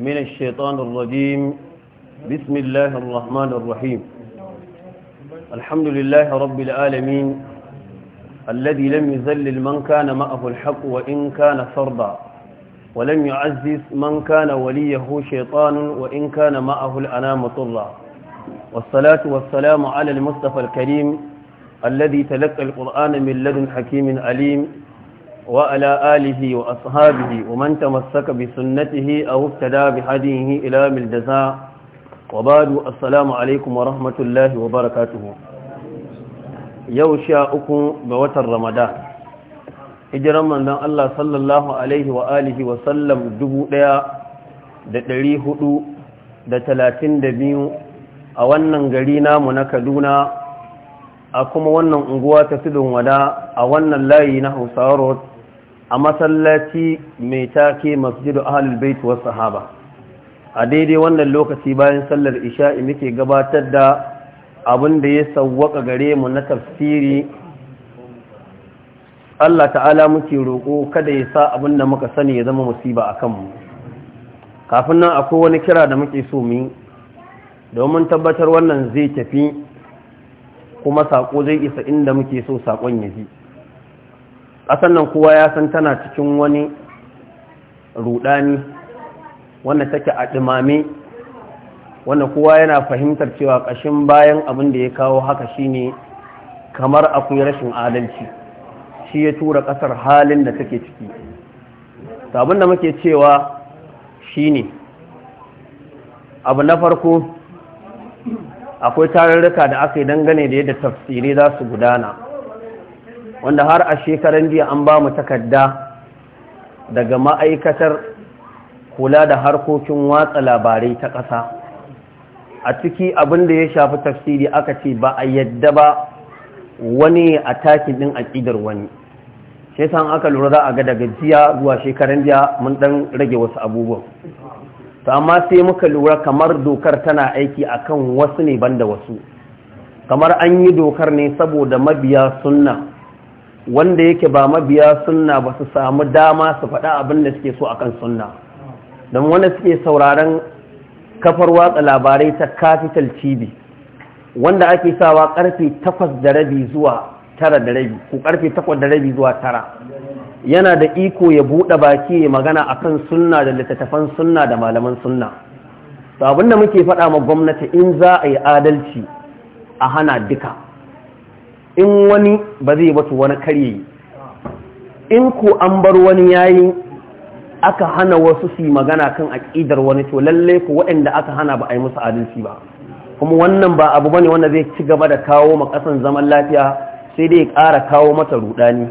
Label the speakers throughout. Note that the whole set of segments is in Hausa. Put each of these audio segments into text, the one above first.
Speaker 1: من الشيطان الرجيم بسم الله الرحمن الرحيم الحمد لله رب العالمين الذي لم يذلل من كان معه الحق وإن كان فرضا ولم يعزز من كان وليه شيطان وإن كان معه الأنام طرا والصلاة والسلام على المصطفى الكريم الذي تلقى القرآن من لدن حكيم عليم وعلى آله وأصحابه ومن تمسك بسنته أو افتدى بهديه إلى ملجزاء وبعد السلام عليكم ورحمة الله وبركاته يوشا أكم بوت رمضان hijiran manzon Allah sallallahu alaihi hudu da talatin da biyu a wannan gari namu na Kaduna a kuma wannan unguwa ta tudun wada a wannan layi na Hausawa a masallaci mai take masjidu ahlul bait was sahaba a daidai wannan lokaci bayan sallar isha'i muke gabatar da abin da ya sawwaka gare mu na tafsiri Allah ta'ala muke roƙo kada ya sa abin da muka sani ya zama musiba a kanmu kafin nan akwai wani kira da muke so mu domin tabbatar wannan zai tafi kuma saƙo zai isa inda muke so saƙon ya ji ƙasan nan kowa ya san tana cikin wani rudani wanda take a ɗimame wanda kowa yana fahimtar cewa ƙashin bayan abin da ya kawo haka shine kamar akwai rashin adalci shi ya tura ƙasar halin da take ciki abin da muke cewa shine abu na farko akwai tarurruka da aka yi dangane da yadda tafsirai za su gudana wanda har a shekaran jiya an ba mu takarda daga ma'aikatar kula da harkokin watsa labarai ta ƙasa a ciki abin da ya shafi tafsiri aka ce ba a yadda ba wani a takin ɗin aƙidar wani sai san aka lura za a ga daga jiya zuwa shekaran jiya mun ɗan rage wasu abubuwan ta amma sai muka lura kamar dokar tana aiki akan wasu ne banda wasu kamar an yi dokar ne saboda mabiya sunna wanda yake ba mabiya sunna ba su samu dama su faɗa abin da suke so akan sunna don wanda suke sauraron kafar watsa labarai ta capital tv wanda ake sawa karfe takwas da rabi zuwa tara da rabi ko karfe takwas da rabi zuwa tara. yana da iko ya buɗe baki ya magana a kan sunna da littattafan sunna da malaman sunna to abinda muke faɗa ma gwamnati in za a yi adalci a hana duka in wani ba zai ba wani karye in ku an bar wani yayi aka hana wasu su magana kan aƙidar wani to lalle ku waɗanda aka hana ba a yi musu adalci ba kuma wannan ba abu bane wanda zai ci gaba da kawo makasan zaman lafiya sai dai ƙara kawo mata rudani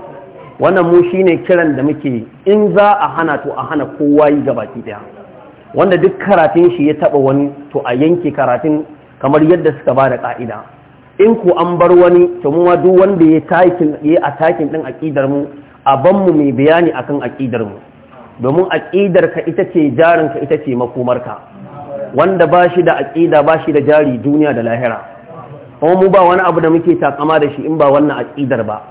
Speaker 1: wannan mu shine kiran da muke in za a hana to a hana kowa yi ki daya wanda duk karatun shi ya taba wani to a yanke karatun kamar yadda suka ba da ka'ida in ku an bar wani to mu duk wanda ya takin ya atakin din aqidar mu a ban mu mai bayani akan aqidar mu domin aqidar ka ita ce jarin ka ita ce makomar wanda ba shi da aqida ba shi da jari duniya da lahira kuma mu ba wani abu da muke takama da shi in ba wannan aqidar ba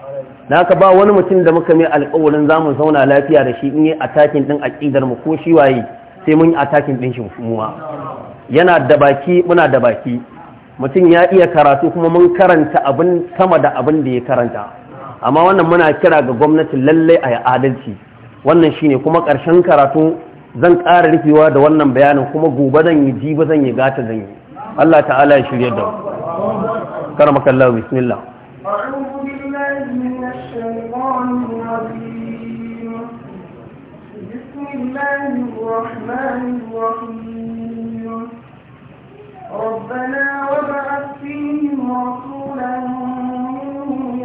Speaker 1: da haka ba wani mutum da muka mai alƙawarin za mu zauna lafiya da shi in yi atakin din aqidar mu ko shi waye sai mun yi atakin din shi muwa yana da baki muna da baki mutum ya iya karatu kuma mun karanta abin sama da abin da ya karanta amma wannan muna kira ga gwamnati lallai a yi adalci wannan shine kuma ƙarshen karatu zan ƙara rufewa da wannan bayanin kuma gobe zan yi jiba zan yi gata zan yi Allah ta'ala ya shirya da karamaka Allah bismillah
Speaker 2: بسم الله الرحمن الرحيم ربنا إبراهيم فيهم رسولا والسلام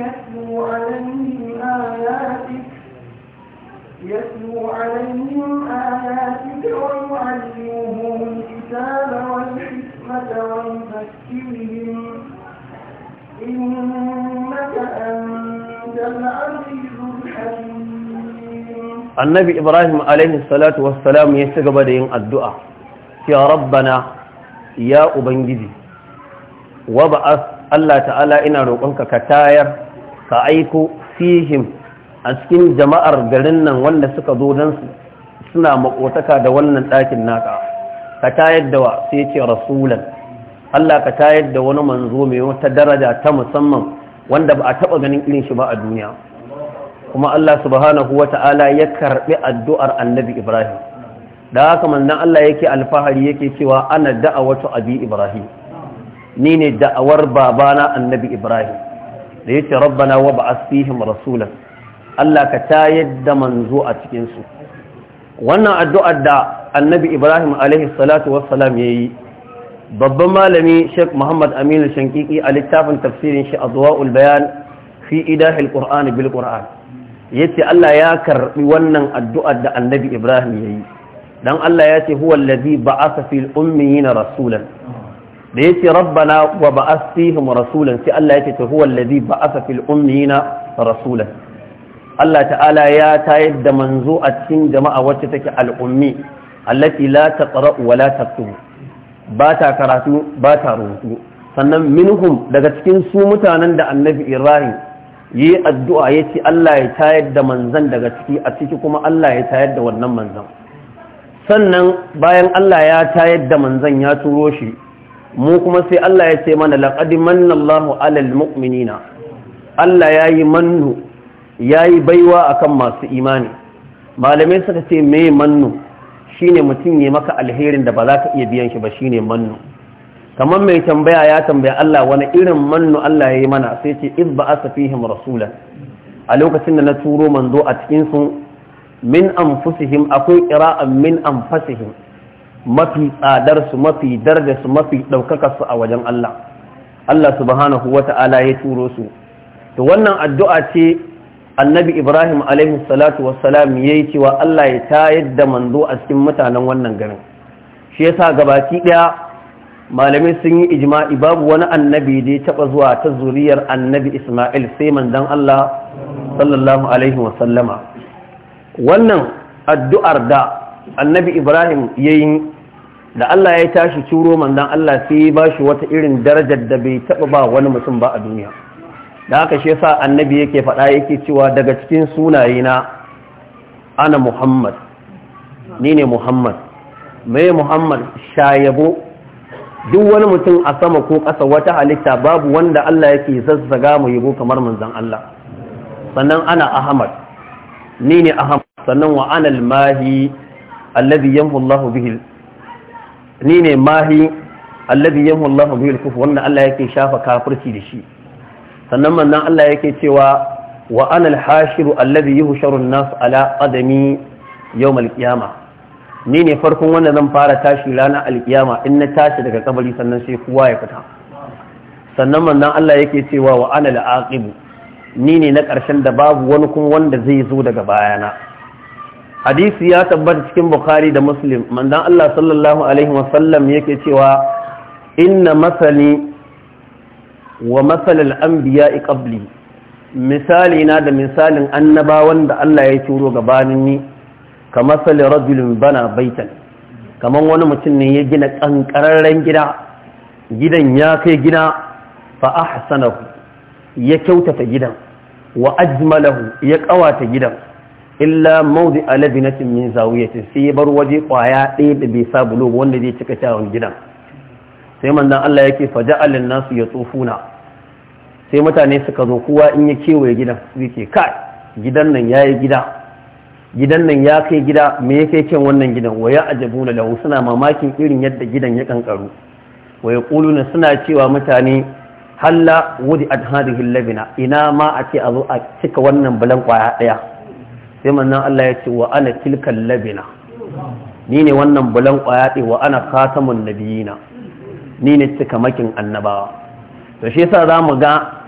Speaker 2: يتلو عليهم آياتك يتلو عليهم آياتك ويعلمهم الكتاب والحكمة إنك
Speaker 1: أنت الحكيم ya ubangiji wa Allah ta'ala ina roƙonka ka tayar ka aiko fihim a cikin jama'ar garin nan wanda suka zo don suna makotaka da wannan ɗakin naka ka tayar da wa sai ce rasulan Allah ka tayar da wani manzo mai wata daraja ta musamman wanda ba a taɓa ganin irin shi ba a duniya kuma Allah subhanahu wa ta'ala ya karɓi addu'ar annabi Ibrahim da haka manzon Allah yake alfahari yake cewa ana da'awatu abi ibrahim ni ne da'awar babana annabi ibrahim da yace rabbana wa ba'ath fihim rasulan Allah ka tayar da manzo a cikin su wannan addu'ar da annabi ibrahim alaihi salatu wassalam yayi babban malami sheikh muhammad aminu shankiki a littafin tafsirin shi azwa'ul bayan fi idahil qur'ani bil qur'an yace Allah ya karbi wannan addu'ar da annabi ibrahim yayi dan Allah ya ce huwa allazi ba'atha fil ummiyina rasulan da yace rabbana wa ba'athihim rasulan sai Allah ya ce to huwa allazi ba'atha fil ummiyina rasulan Allah ta'ala ya tayar da manzo a cikin jama'a wacce take al'ummi allati la taqra wa la taktubu ba ta karatu ba ta rubutu sannan minhum daga cikin su mutanen da annabi Ibrahim yi addu'a yace Allah ya tayar da manzan daga ciki a ciki kuma Allah ya tayar da wannan manzan. sannan bayan Allah ya tayar da manzan ya turo shi mu kuma sai Allah ya ce mana laƙadi, manna 'alal mu'minina Allah yayi mannu yayi baiwa kan masu imani malamai suka ce me mannu shine mutum ya maka alherin da ba za ka iya biyan shi ba shine mannu kamar mai tambaya ya tambaya Allah wani irin mannu Allah ya yi mana sai ce iz asafihim rasula a lokacin da na turo manzo a cikin su min anfusihim akwai qira'an min anfusihim mafi tsadar su mafi darda su mafi daukakar su a wajen Allah Allah subhanahu wata'ala ya turo su to wannan addu'a ce annabi Ibrahim alaihi salatu ya yayi cewa Allah ya tayar da manzo a cikin mutanen wannan garin shi yasa gabaki ɗaya. malamai sun yi ijma'i babu wani annabi da ya taɓa zuwa ta zuriyar annabi Isma'il sai manzon Allah sallallahu alaihi sallama. wannan addu'ar da annabi ibrahim ya yi da allah ya tashi turo mandan allah sai ya ba shi wata irin darajar da bai taɓa ba wani mutum ba a duniya da haka shi sa annabi yake faɗa yake cewa daga cikin sunayena ana muhammad ni ne muhammad mai muhammad shayabo duk wani mutum a sama ko ƙasa wata halitta babu wanda allah yake zazzaga mu yabo kamar manzan allah sannan ana ahmad ni ne aham sannan wa anal mahi alladhi yamhu Allahu bihi ni ne mahi alladhi yamhu Allahu bihi al-kufr Allah yake shafa kafirci da shi sannan manzon Allah yake cewa wa anal hashiru alladhi yuhsharu an-nas ala qadami yawm al-qiyamah ni ne farkon wanda zan fara tashi ranar alkiyama in na tashi daga kabari sannan sai kowa ya fita sannan manzon Allah yake cewa wa ana aqibu. ni ne na ƙarshen da babu wani kuma wanda zai zo daga bayana hadisi ya tabbata cikin bukhari da muslim manzon Allah sallallahu alaihi wasallam yake cewa inna masali wa an biya iƙabli, misali na da misalin annaba wanda Allah ya turo gabanin ni ka masali rajulun bana baitan Kamar wani mutum ne ya gina ƙanƙararren gida gidan ya kai gina fa ahsanahu ya kyautata gidan wa ajmalahu ya kawata gidan illa mawdi alabinatin min zawiyatin sai bar waje kwaya ɗaya da bai sa bulo wanda zai cika kyawun gidan sai manzon Allah yake faja'al nasu ya tsofuna sai mutane suka zo kowa in ya kewaye gidan sai ke kai gidan nan yayi gida gidan nan ya kai gida me yake cin wannan gidan waya ajabuna lahu suna mamakin irin yadda gidan ya kankaru waya quluna suna cewa mutane halla wudi ad hadhihi labina ina ma a ce a zo a cika wannan bulan kwaya daya sai manzon Allah ya ce wa ana tilkal labina ni ne wannan bulan kwaya dai wa ana khatamun nabiyina ni ne cika makin annabawa to shi yasa zamu ga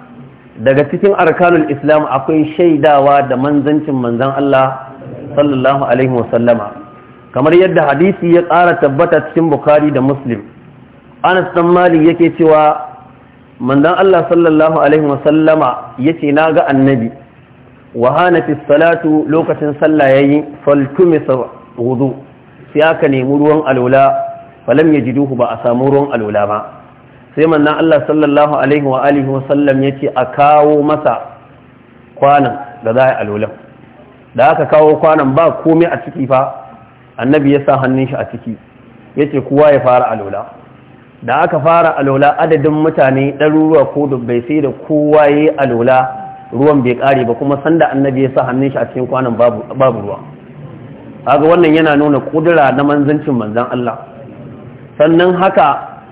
Speaker 1: daga cikin arkanul islam akwai shaidawa da manzancin manzan Allah sallallahu alaihi wasallama kamar yadda hadisi ya ƙara tabbata cikin bukhari da muslim anas dan malik yake cewa manzon Allah sallallahu alaihi wasallama yace na ga annabi wa hanati salatu lokacin sallah yayi faltumisa wudu sai aka nemi ruwan alula falam duhu ba a samu ruwan alola ba sai manzon Allah sallallahu alaihi wa alihi wasallam yace a kawo masa kwanan da za a alolan. da aka kawo kwanan ba komai a ciki fa annabi ya sa hannun shi a ciki yace kowa ya fara alola. da aka fara alola adadin mutane ɗaruruwa ko dubbai sai da kowa ya yi alola ruwan bai ƙare ba kuma sanda annabi ya sa hannun shi a cikin kwanan babu ruwa kaga wannan yana nuna ƙudura na manzancin manzan Allah sannan haka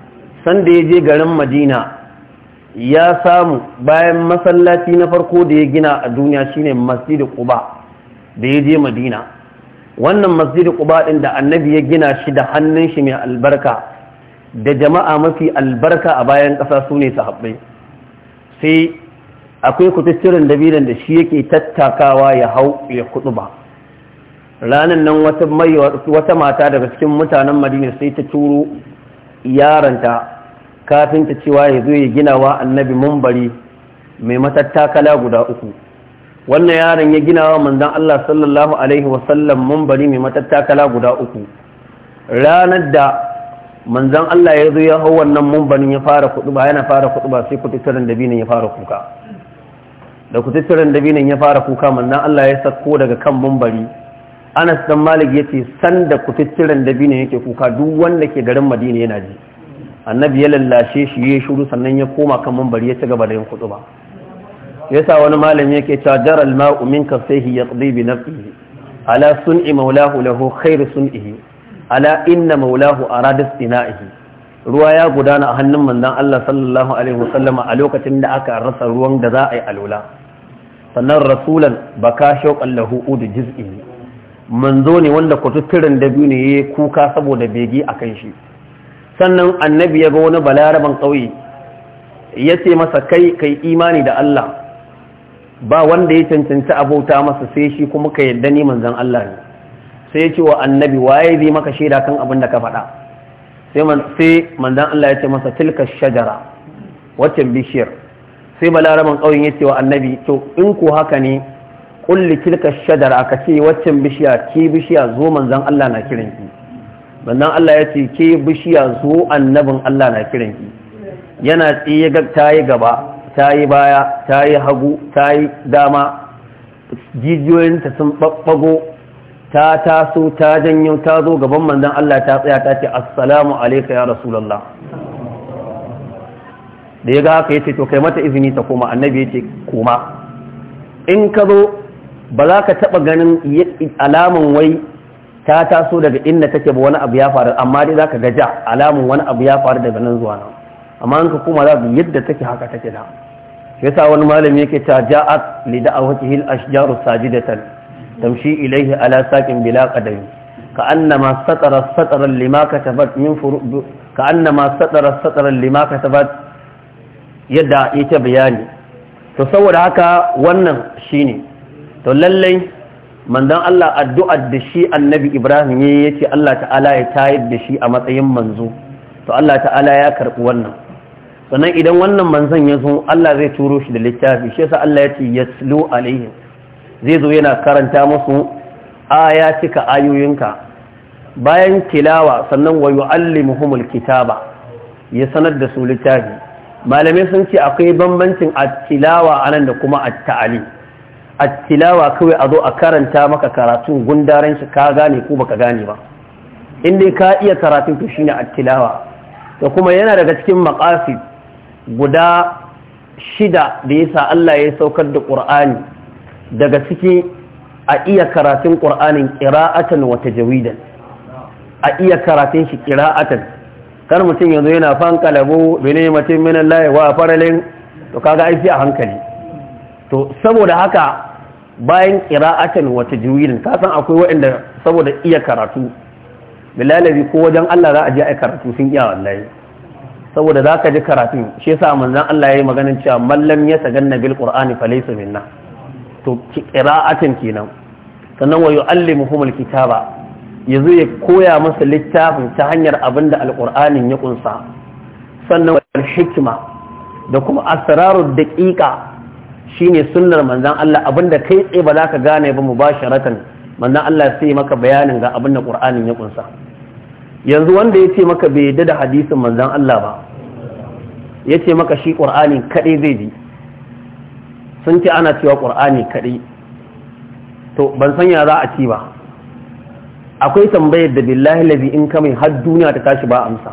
Speaker 1: sanda ya je garin Madina ya samu bayan masallaci na farko da ya gina a duniya shine Masjid Quba da ya je Madina wannan Masjid Quba ɗin da annabi ya gina shi da hannun shi mai albarka da jama'a mafi albarka a bayan ƙasa su ne sahabbai sai akwai kututturen dabilan da shi yake tattakawa ya hau ya kudu ba ranar nan wata mata daga cikin mutanen madina sai ta turo yaranta kafin ta cewa ya zo ya gina wa annabi mumbari mai matattakala guda uku wannan yaron ya ginawa wa manzan Allah sallallahu Alaihi wasallam mumbari mai matattakala guda uku ranar da manzan Allah ya zo ya hau wannan mumbanin ya fara kudu ba yana fara kudu ba sai kututturen dabinin ya fara kuka da kututturen dabinin ya fara kuka manzan Allah ya sako daga kan mumbari Anas dan Malik ce san da kututturen dabinin yake kuka duk wanda ke garin Madina yana ji annabi ya lallashe shi ya shuru sannan ya koma kan mumbari ya ci gaba da yin kudu ya yasa wani malami yake cewa jaral ma'u minka sai yaqdi bi nafsihi ala sun'i maulahu lahu khairu sun'ihi ala inna maulahu arada sina'ihi ruwa ya gudana a hannun manzon Allah sallallahu alaihi wasallama a lokacin da aka rasa ruwan da za a yi alula sannan rasulan baka shauqan lahu udu jiz'i manzo ne wanda kututturin da biyu ne yayi kuka saboda a kan shi sannan annabi ya ga wani balaraban kauye ce masa kai kai imani da Allah ba wanda ya cancanci abota masa sai shi kuma ka yadda ni manzon Allah ne sai ya ce wa annabi waye zai maka shaida kan abin da ka faɗa sai manzan Allah ya ce masa tilka shajara waccan bishiyar sai balaraman ƙauyen ya ce wa annabi to in ko haka ne kulli tilka shajara ka ce waccan bishiya ke bishiya zo manzan Allah na kiran ki manzan Allah ya ce ke bishiya zo annabin Allah na kiran yana tsiye ta yi gaba ta yi baya ta yi hagu ta yi dama jijiyoyinta sun ɓaɓɓago ta taso ta janyo ta zo gaban manzon Allah ta tsaya ta ce assalamu alayka ya rasulullah da ya ga haka yace to kai mata izini ta koma annabi yace koma in ka zo ba za ka taba ganin alaman wai ta taso daga inda take ba wani abu ya faru amma dai za ka gaja alamun wani abu ya faru daga nan zuwa nan amma in ka koma za ka yadda take haka take da yasa wani malami yake ta ja'at li da'awatihil ashjaru sajidatan tamshi ilaihi ala saqin bila qadami كأنما سطر السطر لما كتبت من فروض كأنما سطر السطر لما كتبت يدا ita bayani to saboda haka wannan shine to lallai manzon Allah addu'ar da shi annabi Ibrahim yayi yace Allah ta'ala ya tayar da shi a matsayin manzo to Allah ta'ala ya karbi wannan sannan idan wannan manzon ya zo Allah zai turo shi da littafi shi yasa Allah yace yaslu alaihim zai zo yana karanta musu aya cika ayoyinka bayan tilawa sannan wa yu'allimuhumul kitaba ya sanar da su littafi malamai sun ce akwai bambancin at-tilawa anan da kuma at-ta'ali tilawa kawai a zo a karanta maka karatun gundaren shi ka gane ko baka gane ba in dai ka iya karatun to shine at-tilawa da kuma yana daga cikin maqasid guda shida da yasa Allah ya saukar da Qur'ani daga ciki a iya karatun ƙur'anin ƙira'atan wata jawidan a iya karatun shi ƙira'atan kar mutum yanzu yana fanka labo bene mutum minan laye wa faralin to kaga aiki a hankali to saboda haka bayan ƙira'atan wata jawidan ka san akwai waɗanda saboda iya karatu bilalabi ko wajen Allah za a je a karatu sun iya wallahi saboda za ka ji karatun shi yasa manzon Allah ya yi maganin cewa mallam ya saganna bil qur'ani falaysa minna to ƙira'atin kenan sannan wa yu'allimuhum alkitaba yazo ya koya masa littafin ta hanyar abinda alqur'anin ya kunsa sannan wal hikma da kuma asrarud daqiqa shine sunnar manzon Allah abinda kai tsaye ba za ka gane ba mubasharatan manzon Allah sai maka bayanin ga abinda qur'anin ya kunsa yanzu wanda ya ce maka bai yadda da hadisin manzon Allah ba yace maka shi qur'anin kadai zai ji sun ce ana cewa ƙur'ani kaɗai to ban san ya za a ci ba akwai tambayar da billahi lafi in kame har duniya ta tashi ba amsa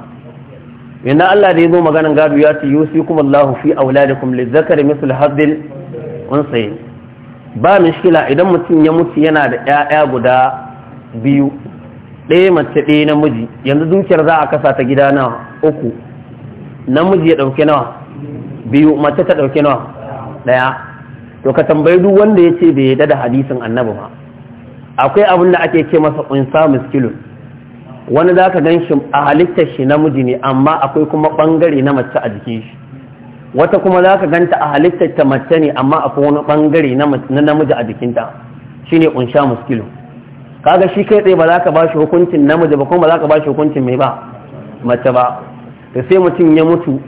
Speaker 1: yana Allah da ya zo maganan gado ya ce yusi kuma Allah fi auladikum li zakari misal haddil unsayi ba mishkila idan mutum ya mutu yana da 'ya'ya guda biyu ɗaya mace ɗaya namiji yanzu dukiyar za a kasa ta gida na uku namiji ya ɗauke nawa biyu mace ta ɗauke nawa ɗaya to ka tambayi duk wanda ya ce bai yadda da hadisin annabi ba akwai abin da ake ce masa unsa miskilun wani za ka gan shi a halittar shi namiji ne amma akwai kuma ɓangare na mace a jikin shi wata kuma za ka ganta a halittar ta mace ne amma akwai wani ɓangare na namiji a jikinta shine unsa muskilun kaga shi kai tsaye ba za ka ba shi hukuncin namiji ba kuma ba za ka ba shi hukuncin mai ba mace ba da sai mutum ya mutu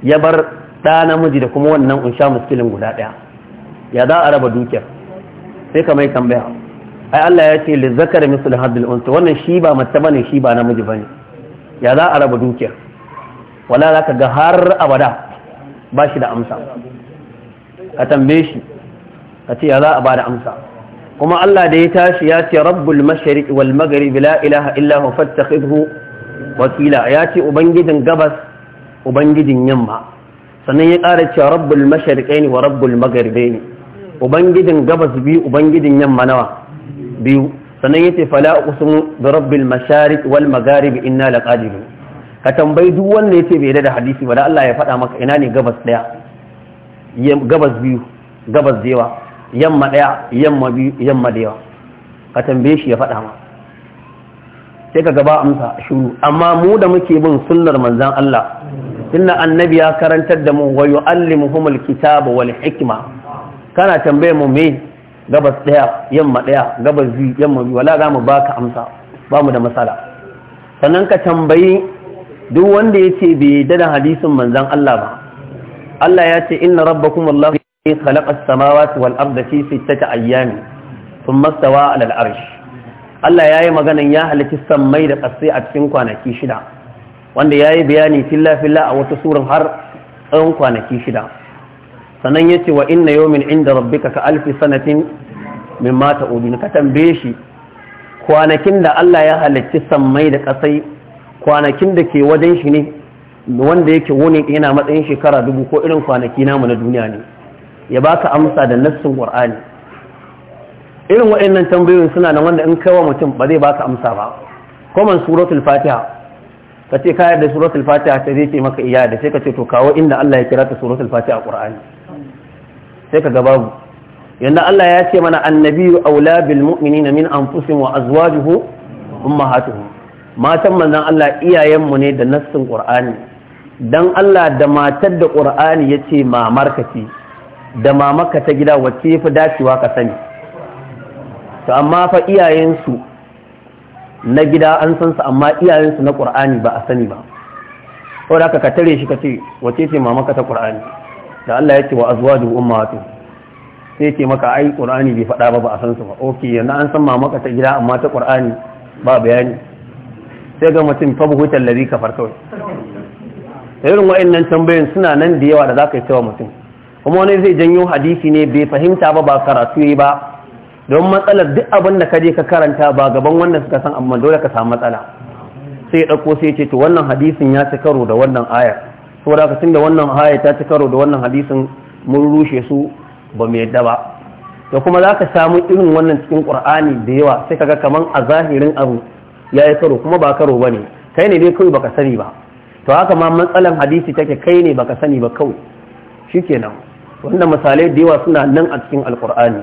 Speaker 1: ya bar ɗa namiji da kuma wannan unsha muskilin guda ɗaya ya za a raba dukiyar sai ka mai tambaya ai Allah ya ce li zakar misl hadil unsa wannan shi ba mace bane shi ba namiji bane ya za a raba dukiyar wala zaka ga har abada ba shi da amsa ka tambaye shi ka ce ya za a ba amsa kuma Allah da ya tashi ya ce rabbul mashariq wal maghrib la ilaha illa huwa fattakhidhu wakila ya ce ubangijin gabas ubangijin yamma sannan ya ƙara cewa rabbul mashariqaini wa rabbul magharibaini ubangijin gabas biyu ubangijin yamma nawa biyu sannan yace fala uqsimu bi rabbil mashariq wal magharib inna laqadirun ka tambayi duk wanda yace bai da hadisi ba da Allah ya faɗa maka ina ne gabas daya gabas biyu gabas da yawa yamma daya yamma biyu yamma da yawa ka tambaye shi ya faɗa ma sai ka gaba amsa shuru amma mu da muke bin sunnar manzon Allah inna annabi ya karantar da mu wa yu'allimuhumul kitaba wal hikma kana tambaye mu me gabas ɗaya, yamma ɗaya, gabas biyu yamma biyu wala za mu baka amsa ba mu da matsala sannan ka tambayi duk wanda ya ce bai dada hadisin manzan Allah ba Allah ya ce inna rabbakum Allah ya khalaqa as-samawati wal arda fi sittati ayyam thumma stawa 'ala al-arsh Allah yayi maganan ya halaki sammai da ƙasai a cikin kwanaki shida wanda yayi bayani filla filla a wata surar har tsawon kwanaki shida sannan ya ce wa inna yawmin inda rabbika ka alfi sanatin min mata udun ka tambaye shi kwanakin da Allah ya halicci sammai da kasai kwanakin da ke wajen shi ne wanda yake wuni yana matsayin shekara dubu ko irin kwanaki namu na duniya ne ya baka amsa da nassin qur'ani irin waɗannan tambayoyin suna nan wanda in wa mutum ba zai baka amsa ba kuma suratul fatiha ka ce kayar da suratul fatiha ta zai ce maka iya da sai ka ce to kawo inda Allah ya kira ta suratul fatiha qur'ani sai ka babu yanda Allah ya ce mana annabiyu aula bil mu'minina min anfusihim wa azwajuhu ummahatuhum matan manzon Allah iyayen mu ne da nassin Qur'ani dan Allah da matar da Qur'ani yace mamarka ce da mamarka ta gida wacce fi dacewa ka sani to amma fa iyayen su na gida an san su amma iyayen su na Qur'ani ba a sani ba saboda ka tare shi kace wacce ce mamarka ta Qur'ani da Allah yake wa azwaju ummatu sai yake maka ai qur'ani bai faɗa ba ba a san su ba okay yanzu an san mamaka ta gida amma ta qur'ani ba bayani sai ga mutum fa buhutan ladhi kafar kawai irin wa'annan tambayoyin suna nan da yawa da zaka yi cewa mutum kuma wani zai janyo hadisi ne bai fahimta ba ba karatu yi ba don matsalar duk abin da ka je ka karanta ba gaban wanda suka san amma dole ka samu matsala sai ya ɗauko sai ce to wannan hadisin ya ci karo da wannan ayar saboda haka da wannan haya ta ci karo da wannan hadisin mun rushe su ba mu yadda ba da kuma za ka samu irin wannan cikin ƙur'ani da yawa sai kaga kaman a zahirin abu ya yi karo kuma ba karo ba ne kai ne dai kawai baka sani ba to haka ma matsalan hadisi take kai ne baka sani ba kawai shikenan wanda misalai da yawa suna nan a cikin alƙur'ani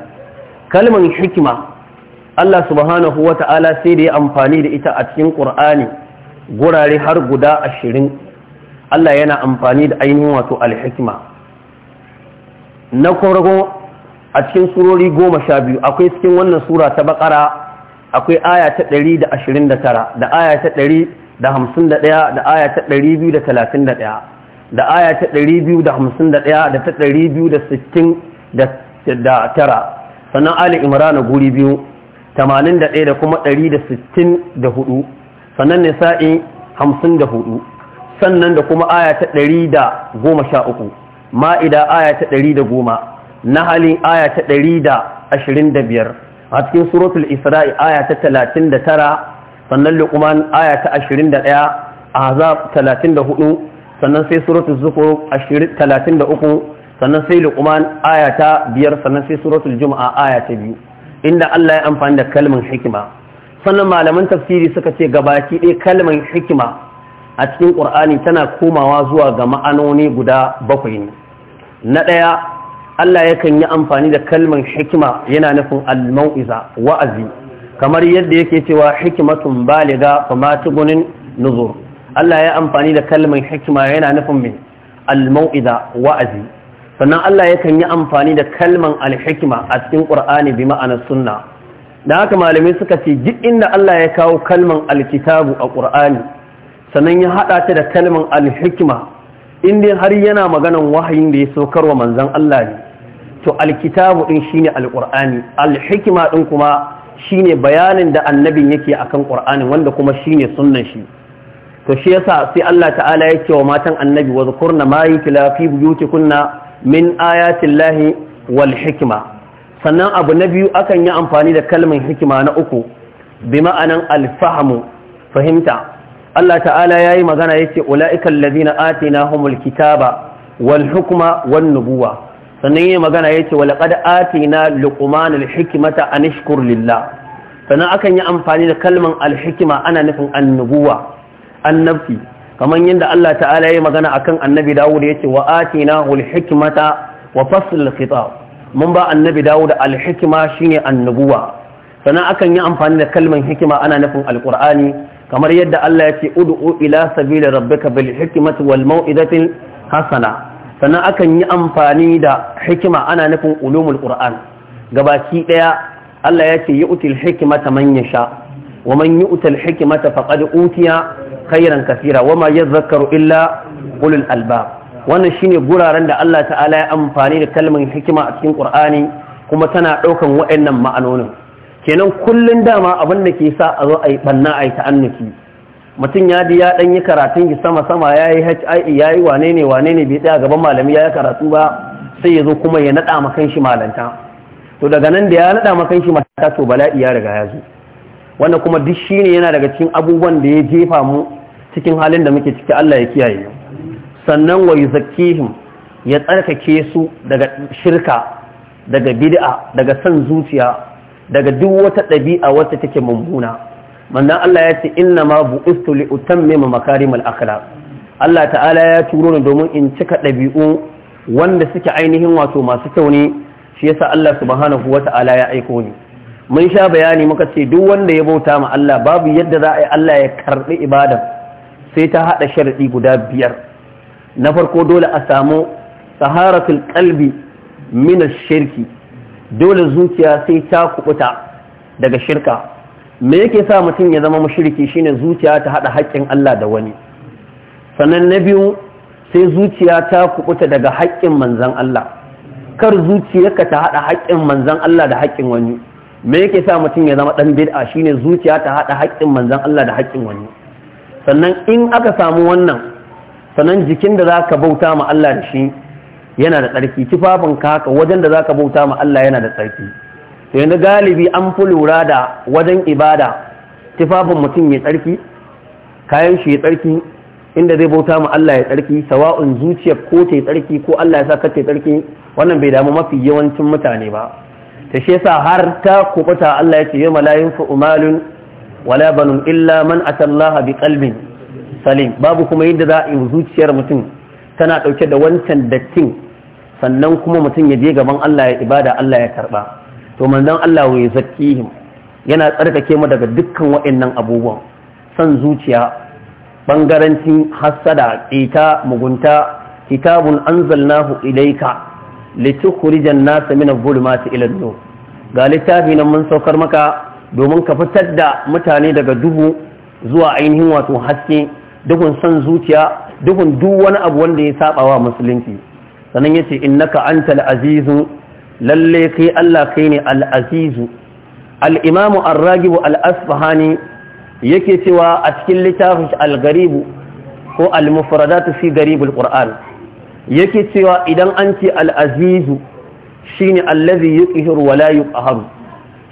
Speaker 1: kalman hikima Allah subhanahu wa ta'ala sai da ya amfani da ita a cikin ƙur'ani gurare har guda ashirin Allah yana amfani da ainihin wato alhikima na farko a cikin surori goma sha biyu akwai cikin wannan sura ta bakara akwai aya ta ɗari da ashirin da tara da aya ta ɗari da hamsin da ɗaya da aya ta ɗari biyu da talatin da ɗaya da aya ta ɗari biyu da hamsin da ɗaya da ta ɗari biyu da sittin da tara sannan ali na guri biyu tamanin da ɗaya da kuma ɗari da sittin da hudu sannan nisa'i hamsin da hudu sannan da kuma aya ta ɗari da goma sha uku ma'ida aya ta ɗari da goma nahali aya ta ɗari da ashirin da biyar a cikin suratul isra'i aya ta talatin da tara sannan luqman aya ta ashirin da ɗaya a ahzab talatin da hudu sannan sai suratul zukur talatin da uku sannan sai luqman aya ta biyar sannan sai suratul juma'a aya ta biyu inda Allah ya amfani da kalmar hikima sannan malaman tafsiri suka ce gabaki ɗaya kalmar hikima a cikin ƙur'ani tana komawa zuwa ga ma'anoni guda bakwai ne na ɗaya Allah yakan yi amfani da kalman hikima yana nufin al-mau'iza wa'azi kamar yadda yake cewa hikimatun baliga fa ma gunin nuzur Allah ya amfani da kalman hikima yana nufin mai al-mau'iza wa'azi sannan Allah yakan yi amfani da kalman al-hikima a cikin ƙur'ani bi ma'anar sunna da haka malamai suka ce duk inda Allah ya kawo kalman alkitabu a ƙur'ani sannan ya haɗa ta da kalmar alhikima inda har yana maganan wahayin da ya saukar wa manzan Allah ne to alkitabu ɗin shine alƙur'ani alhikima ɗin kuma shine bayanin da annabin yake akan ƙur'anin wanda kuma shine sunnan shi to shi yasa sai Allah ta'ala yake wa matan annabi wa zukurna ma yutla fi buyutikunna min ayatin lahi wal hikima sannan abu na biyu akan yi amfani da kalmar hikima na uku bi ma'anan alfahamu fahimta Allah ta'ala ya yi magana ya ce ula'ikan lazina na humul kitaba wal hukuma wan nubuwa sannan yi magana ya ce walaƙad atina luqman alhikimata an shkur lillah sannan akan yi amfani da kalman alhikima ana nufin annubuwa annabci kamar yadda Allah ta'ala ya yi magana akan annabi Dawud ya ce wa atina alhikimata wa fasl khitab mun ba annabi Dawud alhikima shine annubuwa sannan akan yi amfani da kalman hikima ana nufin Alkur'ani. kamar yadda Allah ya ce ud'u ila sabili rabbika bil hikmati wal mau'izati hasana sannan akan yi amfani da hikima ana nufin ulumul qur'an gabaki daya Allah ya ce yu'til hikmata man yasha wa man yu'tal hikmata faqad utiya khairan kaseera wa ma yadhakkaru illa ulul albab wannan shine guraren da Allah ta'ala ya amfani da kalmar hikima a cikin qur'ani kuma tana daukan waɗannan ma'anonin kenan kullum dama abin da ke sa a zo a yi banna a yi ta'annuki mutum ya ji ya dan yi karatun yi sama sama ya yi HIE ya yi wane ne wane ne bai tsaya gaban malami ya yi karatu ba sai ya zo kuma ya naɗa ma shi malanta to daga nan da ya naɗa ma shi malanta to bala'i ya riga ya zo wannan kuma duk shine yana daga cikin abubuwan da ya jefa mu cikin halin da muke ciki Allah ya kiyaye sannan wa yuzakkihim ya tsarkake su daga shirka daga bid'a daga san zuciya daga duk wata ɗabi'a wacce take mummuna manzon Allah ya ce inna ma bu'istu li ma makarimal akhlaq Allah ta'ala ya turo ni domin in cika ɗabi'u wanda suke ainihin wato masu kyau ne shi yasa Allah subhanahu wata'ala ya aiko ni mun sha bayani muka ce duk wanda ya bauta ma Allah babu yadda za a yi Allah ya karbi ibada sai ta hada sharadi guda biyar na farko dole a samu saharatul qalbi min ash-shirki dole zuciya sai ta kubuta daga shirka me yake sa mutum ya zama mushriki shine zuciya ta hada haƙƙin Allah da wani sannan na biyu sai zuciya ta kubuta daga haƙƙin manzon Allah kar zuciyarka ta hada haƙƙin manzon Allah da haƙƙin wani me yake sa mutum ya zama dan bid'a shine zuciya ta hada haƙƙin manzon Allah da haƙƙin wani sannan in aka samu wannan sannan jikin da zaka bauta ma Allah da shi yana da tsarki tufafin kaka wajen da zaka bauta ma Allah yana da tsarki to yanzu galibi an fi lura da wajen ibada tufafin mutum ya tsarki kayan shi ya tsarki inda zai bauta ma Allah ya tsarki sawa'un zuciyar ko ta tsarki ko Allah ya sa ka ta tsarki wannan bai damu mafi yawancin mutane ba ta shi yasa har ta kubuta Allah ya ce yau malayin umalun wala banun illa man atallaha bi qalbin salim babu kuma yadda za a yi zuciyar mutum tana ɗauke da wancan dattin sannan kuma mutum ya je gaban Allah ya ibada Allah ya karɓa to manzon Allah wa zakkihim yana tsarkake mu daga dukkan waɗannan abubuwan san zuciya bangarancin hassada ita mugunta kitabun anzalnahu ilayka litukhrijan nasa min adh-dhulumati ila an-nur ga littafi nan mun saukar maka domin ka fitar da mutane daga dubu zuwa ainihin wato haske duhun san zuciya duhun duk wani abu wanda ya saba wa musulunci sannan yace innaka Anta al'azizu lalle kai Allah kai ne al'azizu al'imamu al imamu ar al asfahani yake cewa a cikin littafin al garibu ko al mufradatu fi garibul qur'an yake cewa idan an ce al'azizu shi ne allazi yuqhir wa la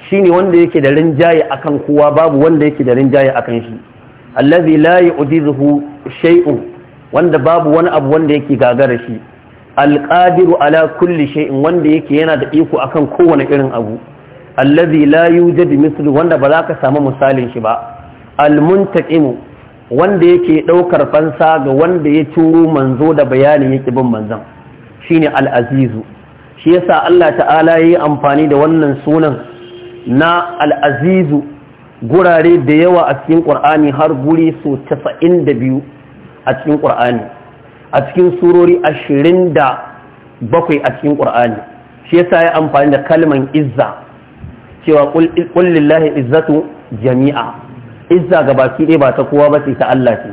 Speaker 1: shi ne wanda yake da rinjaye akan kowa babu wanda yake da rinjaye akan shi allazi la yu'jizuhu shay'un wanda babu wani abu wanda yake gagara shi Alƙadiru ala kulli shay'in wanda yake yana da iko akan kowane irin abu allazi la yujadu mithlu wanda ba za ka samu misalin shi ba almuntaqimu wanda yake daukar fansa ga wanda ya turo manzo da bayanin yake bin manzon shine al'azizu. shi yasa Allah ta'ala yayi amfani da wannan sunan na al'azizu? gurare da yawa a cikin Qur'ani har guri su 92 a cikin ƙur'ani a cikin surori ashirin da bakwai a cikin ƙur'ani shi yasa ya amfani da kalman izza cewa kullillahi izzatu jami'a izza ga baki ɗaya ba ta kowa ba ce ta Allah ce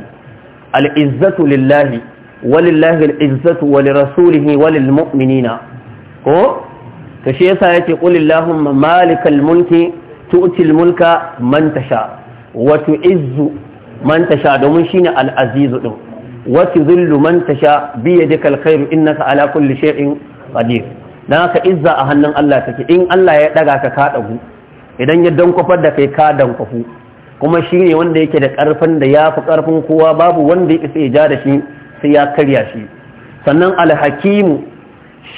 Speaker 1: al'izzatu lillahi walillahi al'izzatu wali rasulihi walil mu'minina ko to shi yasa yake malikal mulki tu'til mulka man tasha wa tu'izzu man tasha domin shine al-azizu din wa tuzillu man tasha bi yadika al-khairu innaka ala kulli shay'in qadir dan haka izza a hannun Allah take in Allah ya daga ka ka dagu idan ya dankwafar da kai ka kwafu, kuma shine wanda yake da karfin da ya fi karfin kowa babu wanda ya isa ya ja da shi sai ya karya shi sannan al-hakimu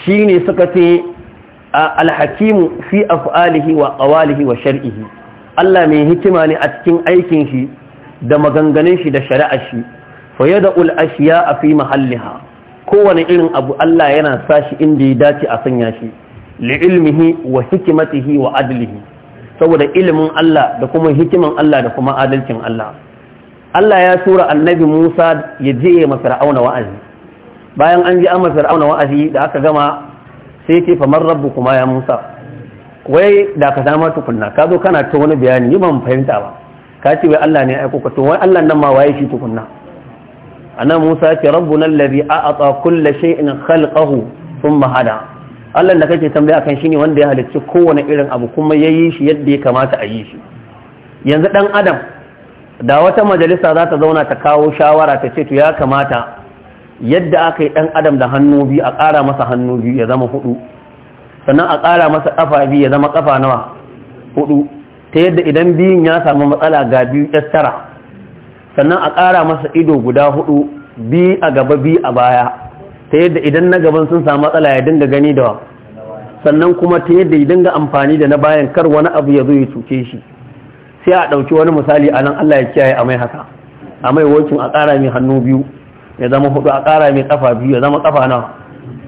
Speaker 1: shine suka ce al-hakimu fi af'alihi wa qawalihi wa shar'ihi Allah mai hikima ne a cikin aikin shi da maganganun shi da shari'ar shi fa yad'u al-ashiya a fi mahalliha kowane irin abu Allah yana sa shi inda ya dace a sanya shi li ilmihi wa hikmatihi wa adlihi saboda ilimin Allah da kuma hikiman Allah da kuma adalcin Allah Allah ya tura annabi Musa ya je ya Fir'auna wa'azi bayan an ji an Fir'auna wa'azi da aka gama sai ce fa man kuma ya Musa wai da ka dama tukunna ka zo kana ta wani bayani yi ban fahimta ba ka wai Allah ne ya aiko ka wai Allah nan ma waye shi tukunna anan Musa ya ce rabbuna allazi a'ata kulli shay'in khalqahu thumma hada Allah da kake tambaya akan shine wanda ya halicci kowane irin abu kuma yayi shi yadda ya kamata a yi shi yanzu dan adam da wata majalisa za ta zauna ta kawo shawara ta ce to ya kamata yadda aka yi dan adam da hannu biyu a ƙara masa hannu biyu ya zama hudu sannan a ƙara masa ƙafa biyu ya zama ƙafa nawa hudu ta yadda idan biyun ya samu matsala ga biyu tara sannan a ƙara masa ido guda hudu biyu a gaba biyu a baya ta yadda idan na gaban sun samu matsala ya dinga gani da wa sannan kuma ta yadda ya dinga amfani da na bayan kar wani abu ya zo ya cuce shi sai a ɗauki wani misali a nan Allah ya kiyaye a mai haka a mai wakin a ƙara mai hannu biyu ya zama hudu a ƙara mai ƙafa biyu ya zama ƙafa nawa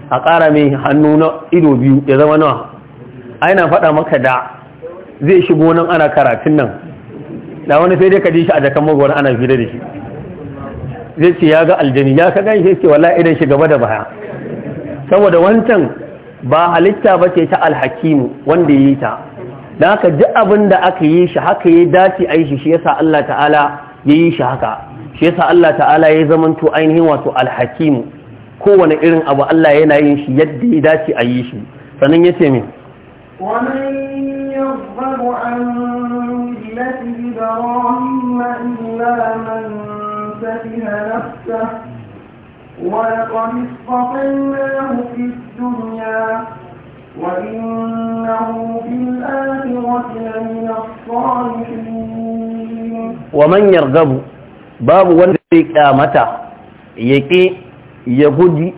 Speaker 1: a ƙara mai hannu na ido biyu ya zama nawa ai na faɗa maka da zai shigo nan ana karatun nan da wani sai dai ka ji shi a jakan wani ana fira da shi zai ce ya ga aljani ya ka gani sai ce wala idan shi gaba da baya saboda wancan ba halitta ba ce ta alhakimu wanda yi ta da haka ji abin da aka yi shi haka ya dace a yi shi shi ya sa Allah ta'ala ya yi shi haka shi ya sa Allah ta'ala ya zamanto ainihin wato alhakimu kowane irin abu Allah yana yin shi yadda ya dace a yi shi sannan ya ce min
Speaker 2: يُفْصَلُ عَن مِّلَّةِ إِبْرَاهِيمَ إِلَّا مَن سَفِهَ نَفْسَهُ وَلَقَدِ اصْطَفَيْنَاهُ فِي الدُّنْيَا وَإِنَّهُ فِي الْآخِرَةِ لَمِنَ الصَّالِحِينَ
Speaker 1: وَمَن يَرْغَبُ بَابُ وَلَدِ قِيَامَتَهُ يَقِي يَغُدِي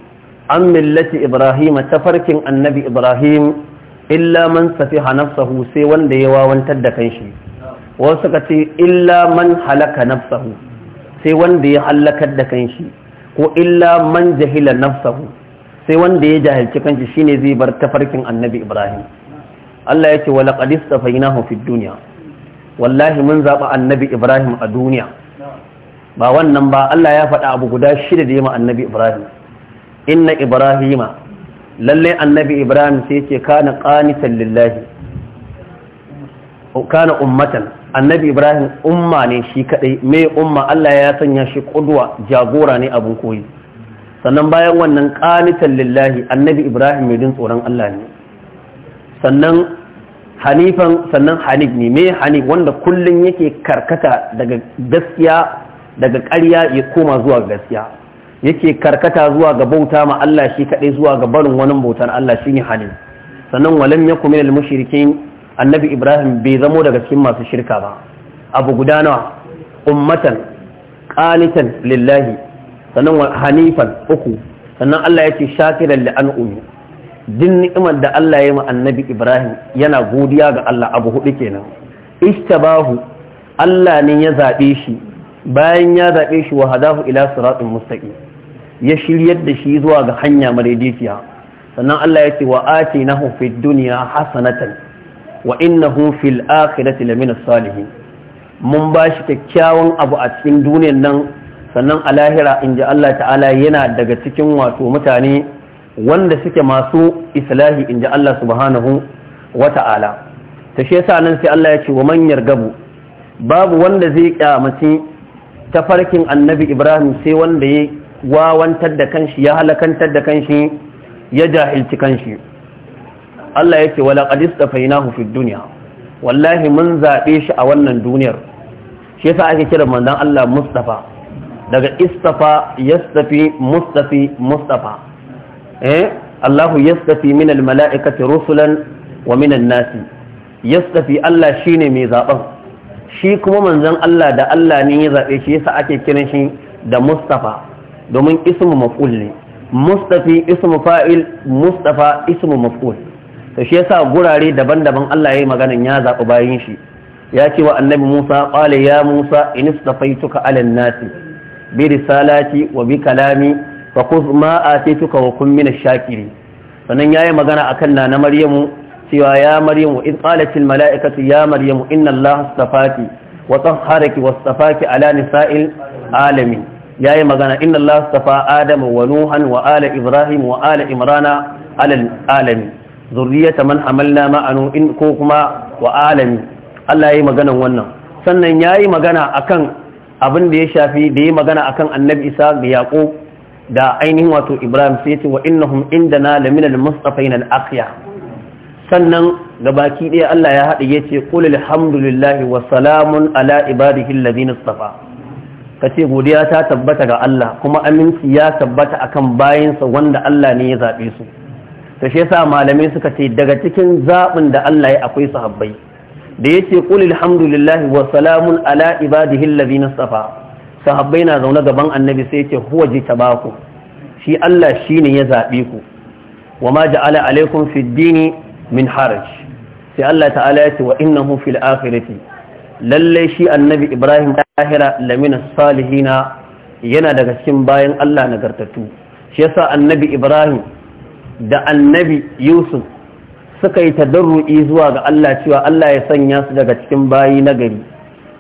Speaker 1: عن ملة لمن الصالحين ومن يرغب باب ولد كامتا يكي يغدي عن مله ابراهيم تفرك النبي إبراهيم illa man safiha nafsahu sai wanda ya wawantar da kanshi wasu suka ce illa man halaka nafsahu sai wanda ya halakar da kanshi ko illa man jahila nafsahu sai wanda ya jahilci kanshi shine zai bar tafarkin annabi ibrahim Allah ya ce wa laqad istafainahu fid dunya wallahi mun zaba annabi ibrahim a duniya ba wannan ba Allah ya faɗa abu guda shida da yima annabi ibrahim inna ibrahima Lallai annabi ibrahim sai ce kana qanitan lillahi kana ummatan annabi ibrahim umma ne shi kadai me umma Allah ya sanya shi kudwa jagora ne abun koyi sannan bayan wannan qanitan lillahi annabi ibrahim mai din tsoron Allah ne sannan hanifan sannan hanif ne me hanif wanda kullun yake karkata daga gaskiya daga ƙarya ya koma zuwa gaskiya yake karkata zuwa ga bauta ma Allah shi kadai zuwa ga barin wani bautar Allah ne halin sannan walam yakum minal mushrikin annabi Ibrahim bai zamo daga cikin masu shirka ba abu guda nawa ummatan qanitan lillahi sannan hanifan uku sannan Allah yake shakiran li an'umi din ni'imar da Allah ya yi annabi Ibrahim yana godiya ga Allah abu hudu kenan istabahu Allah ne ya zabe shi bayan ya zabe shi wa hadahu ila siratin mustaqim ya shiryar da shi zuwa ga hanya madaidaiciya sannan Allah ya ce wa na fid dunya hasanatan wa innahu fil akhirati lamina salihin mun ba shi kyakkyawan abu a cikin duniyar nan sannan a lahira inji Allah ta'ala yana daga cikin wato mutane wanda suke masu islahi inji Allah subhanahu wa ta'ala ta shi yasa nan sai Allah ya ce wa man yargabu babu wanda zai kyamaci farkin annabi Ibrahim sai wanda ya wawantar da kanshi ya halakantar da kanshi ya jahilci kanshi Allah yake wala qad istafainahu fid dunya wallahi mun zabe shi a wannan duniyar shi yasa ake kira manzon Allah Mustafa daga istafa yastafi mustafi mustafa eh Allah yastafi min al mala'ikati rusulan wa min an nasi yastafi Allah shine mai zaben shi kuma manzon Allah da Allah ne ya zabe shi yasa ake kiran shi da Mustafa domin ismu maf'ul ne mustafi ismu fa'il mustafa ismu maf'ul to shi yasa gurare daban-daban Allah yayi maganan ya zaɓi bayin shi ya ce wa annabi Musa qala ya Musa in istafaituka 'ala an-nasi bi risalati wa bi kalami fa khudh ma atituka wa kun min ash-shakirin sannan yayi magana akan nana Maryamu cewa ya Maryamu in qalatil mala'ikatu ya Maryamu inna Allah astafaki wa tahharaki wastafaki 'ala nisa'il alamin yayi magana inna Allah astafa Adam wa Nuhan wa ala Ibrahim wa ala Imrana ala alamin zurriyata man hamalna ma'anu in ko kuma wa alamin Allah yi maganan wannan sannan yayi magana akan abin da ya shafi da yayi magana akan Annabi Isa da Yaqub da ainihin wato Ibrahim sai ce wa innahum indana laminal mustafain al-aqya sannan baki ɗaya Allah ya haɗa yace qul alhamdulillahi wa salamun ala ibadihi alladhina istafa ka ce godiya ta tabbata ga Allah kuma aminci ya tabbata akan bayansa wanda Allah ne ya zaɓe su ta shi yasa malamai suka ce daga cikin zaɓin da Allah ya akwai sahabbai da ya ce ƙulil hamdulillahi wa salamun ala ibadihi safa, nastafa sahabbai na zaune gaban annabi sai ya ce huwa ji tabaku shi Allah shine ya zaɓe ku wa ma ja'ala alaikum fid dini min haraj sai Allah ta'ala ya ce wa innahu fil akhirati lalle shi annabi ibrahim tahira lamina salihina yana daga cikin bayan allah nagartattu shi yasa annabi ibrahim da annabi yusuf suka yi tadarru'i zuwa ga allah cewa allah ya sanya su daga cikin bayi nagari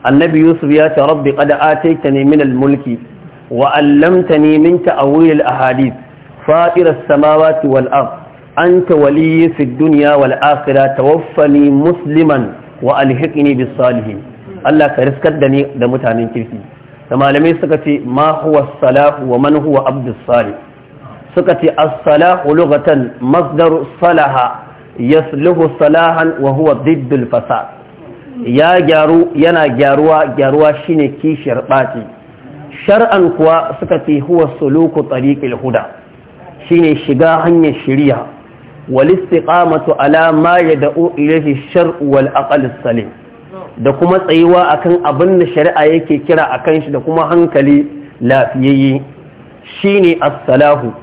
Speaker 1: annabi yusuf ya ce rabbi qad ataitani min al-mulki wa 'allamtani min ta'wil al-ahadith fatir as-samawati wal-ard anta waliyyi fid dunya wal-akhirah tawaffani musliman wa alhiqni bis salihin Allah ka riskar da ni da mutanen kirki da malamai suka ce ma huwa salahu wa man huwa abdus salih suka ce as-salahu lughatan masdaru salaha yasluhu salahan wa huwa diddul fasad ya gyaru yana gyaruwa gyaruwa shine kishiyar ɓaci shar'an kuwa suka ce huwa suluku tariqil huda shine shiga hanyar shiriya والاستقامة على ما يدعو إليه الشرع والأقل السليم da kuma tsayuwa akan abin da shari'a yake kira akan shi da kuma hankali lafiyayye shine as-salahu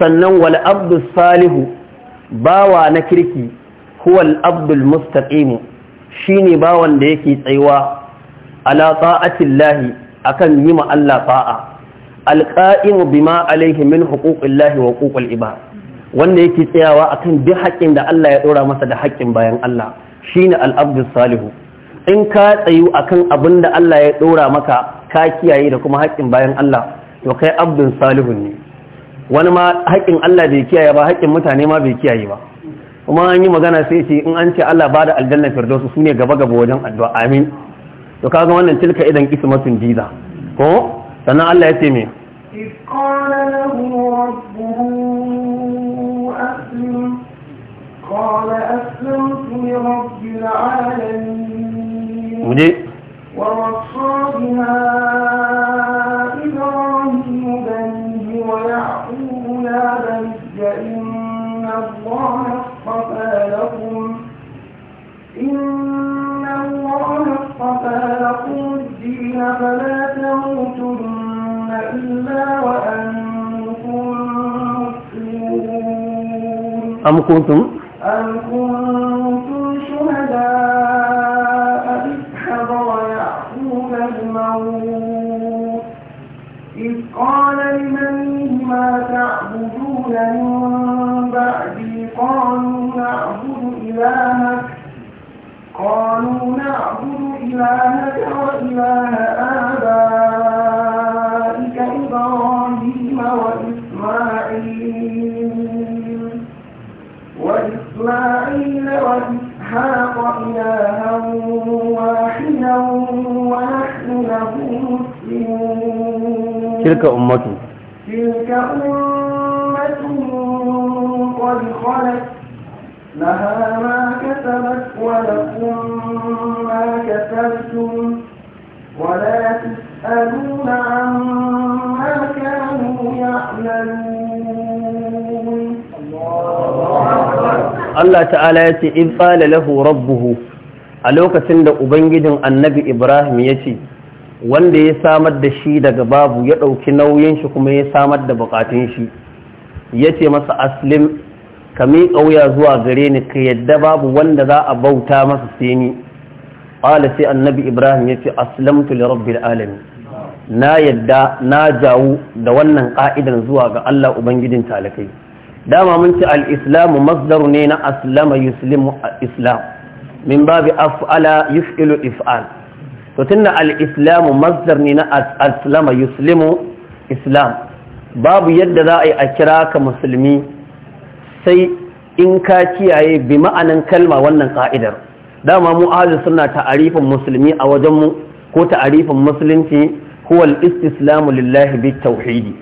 Speaker 1: sannan wal abdu salihu bawa na kirki huwa al abdu mustaqim shine bawan da yake tsayuwa ala ta'atillahi akan yima Allah fa'a Al-Qa'imu bima alaihi min huquqillahi wa huquqil ibad wanda yake tsayawa akan duk haƙƙin da Allah ya ɗora masa da haƙƙin bayan Allah shine al-abdu salihu in ka tsayu akan abin da Allah ya ɗora maka ka kiyaye da kuma haƙƙin bayan Allah to kai abdun salihu ne wani ma haƙƙin Allah bai kiyaye ba haƙƙin mutane ma bai kiyaye ba kuma an yi magana sai ce in an ce Allah ba da aljanna firdausu ne gaba gaba wajen addu'a amin to kaga wannan tilka idan ismatun diza ko sannan Allah ya ce me
Speaker 2: إذ قال أسلم قال أسلمت لرب العالمين ووصى بها إبراهيم بنيه ويعقوب يا بني إن الله اصطفى لكم إن الله اصطفى لكم الدين فلا تموتن إلا وأنتم أم كنتم أم كنتم شهداء إذ حضر يعقوب الموت إذ قال لمنه ما تعبدون من بعدي قالوا نعبد إلهك قالوا نعبد إلهك وإله آبائك إسماعيل وإسحاق إلها واحدا ونحن له مسلمون تلك أمة تلك أمة قد خلت لها ما كسبت ولكم ما كسبتم ولا تسألون عما كانوا يعملون
Speaker 1: Allah ta'ala ya ce in qala lahu rabbuhu a lokacin da ubangijin annabi Ibrahim ya ce wanda ya samar da shi daga babu ya ɗauki nauyin shi kuma ya samar da bukatun shi ya ce masa aslim ka miƙa wuya zuwa gare ni ka yadda babu wanda za a bauta masa sai ni sai annabi ibrahim ya ce aslamtu li rabbil alamin na yadda na jawo da wannan ƙa'idan zuwa ga allah ubangijin talakai dama mun ci al-islamu masdar ne na aslama yuslimu islam min babi af'ala yuf'ilu if'al to tunda al-islamu masdar ne na aslama yuslimu islam babu yadda za a yi a kira ka musulmi sai in ka kiyaye bi ma'anan kalma wannan ka'idar dama mu ahli suna ta'arifin musulmi a wajen ko ta'arifin musulunci huwa al-istislamu lillahi bi tauhidi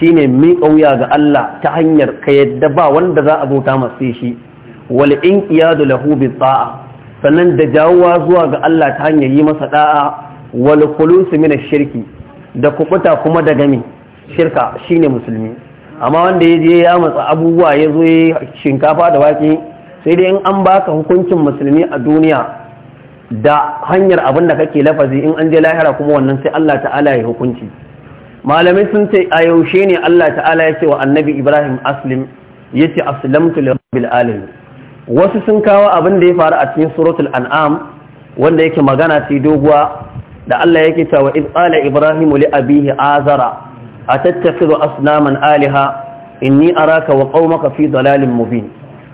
Speaker 1: shine miƙa wuya ga Allah ta hanyar ka yadda ba wanda za a bauta masu shi wal inqiyadu lahu bi ta'a sannan da jawowa zuwa ga Allah ta hanyar yi masa da'a wal khulus min shirki da kubuta kuma daga me shirka shine musulmi amma wanda ya je ya matsa abubuwa ya zo shinkafa da wake sai dai in an baka hukuncin musulmi a duniya da hanyar abin da kake lafazi in an je lahira kuma wannan sai Allah ta'ala ya hukunci malamai sun ce a yaushe ne Allah ta'ala ya ce wa annabi Ibrahim aslim ya ce aslamtu lirabbil alamin wasu sun kawo abin da ya faru a cikin suratul an'am wanda yake magana ce doguwa da Allah yake ta wa qala ibrahim li abihi azara atattakhidhu asnaman alaha inni araka wa qaumaka fi dalalin mubin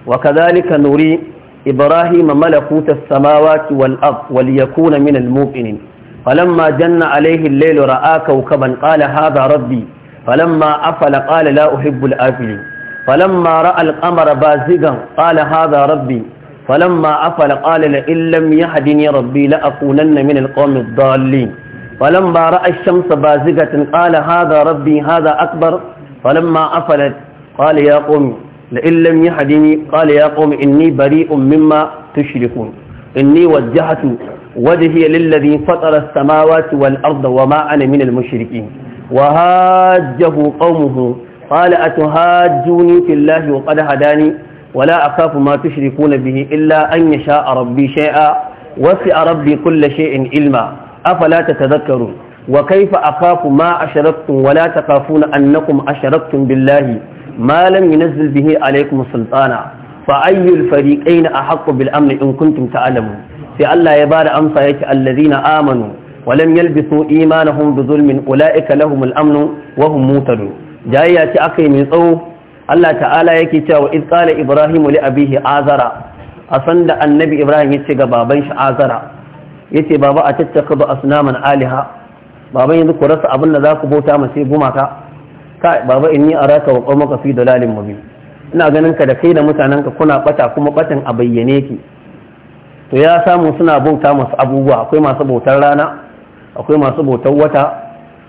Speaker 1: wa kadhalika nuri ibrahim malakuta as-samawati wal ard wal yakuna min al-muqinin فلما جن عليه الليل رأى كوكبا قال هذا ربي فلما أفل قال لا أحب الآفلين فلما رأى القمر بازغا قال هذا ربي فلما أفل قال لئن لم يهدني ربي لأكونن من القوم الضالين فلما رأى الشمس بازغة قال هذا ربي هذا أكبر فلما أفلت قال يا قوم لئن لم يهدني قال يا قوم إني بريء مما تشركون إني وجهت wadda hiya lillazi fatara samawati wal arda wa ma ana min al mushriki wa hajjahu qaumuhu qala atuhajjuni fillahi wa qad hadani wa la akhafu ma bihi illa an yasha rabbi shay'a wa fi rabbi kulli shay'in ilma afala tatadhakkarun wa kayfa akhafu ma ashraktum wa la takhafuna annakum billahi malami lam yunzil bihi alaykum sultana fa ayyul fariqayn ahaqqu bil amni in kuntum ta'lamun ta sai Allah ya bada amsa yake allazina amanu walam yalbisu imanahum bi zulmin ulaika lahumul amnu wa hum mutadun jayya ce akai mai tsawo Allah ta'ala yake cewa wa qala ibrahimu li abihi azara asan da annabi ibrahim yace ga baban shi azara yace baba a tattakhadu asnaman aliha baban yanzu ku rasa abin da za ku bauta ma sai gumaka kai baba inni araka wa qaumaka fi dalalin mubin ina ganin ka da kai da mutanenka kuna bata kuma ɓatan a bayyane ki to ya samu suna bauta masu abubuwa akwai masu bautar rana akwai masu bautar wata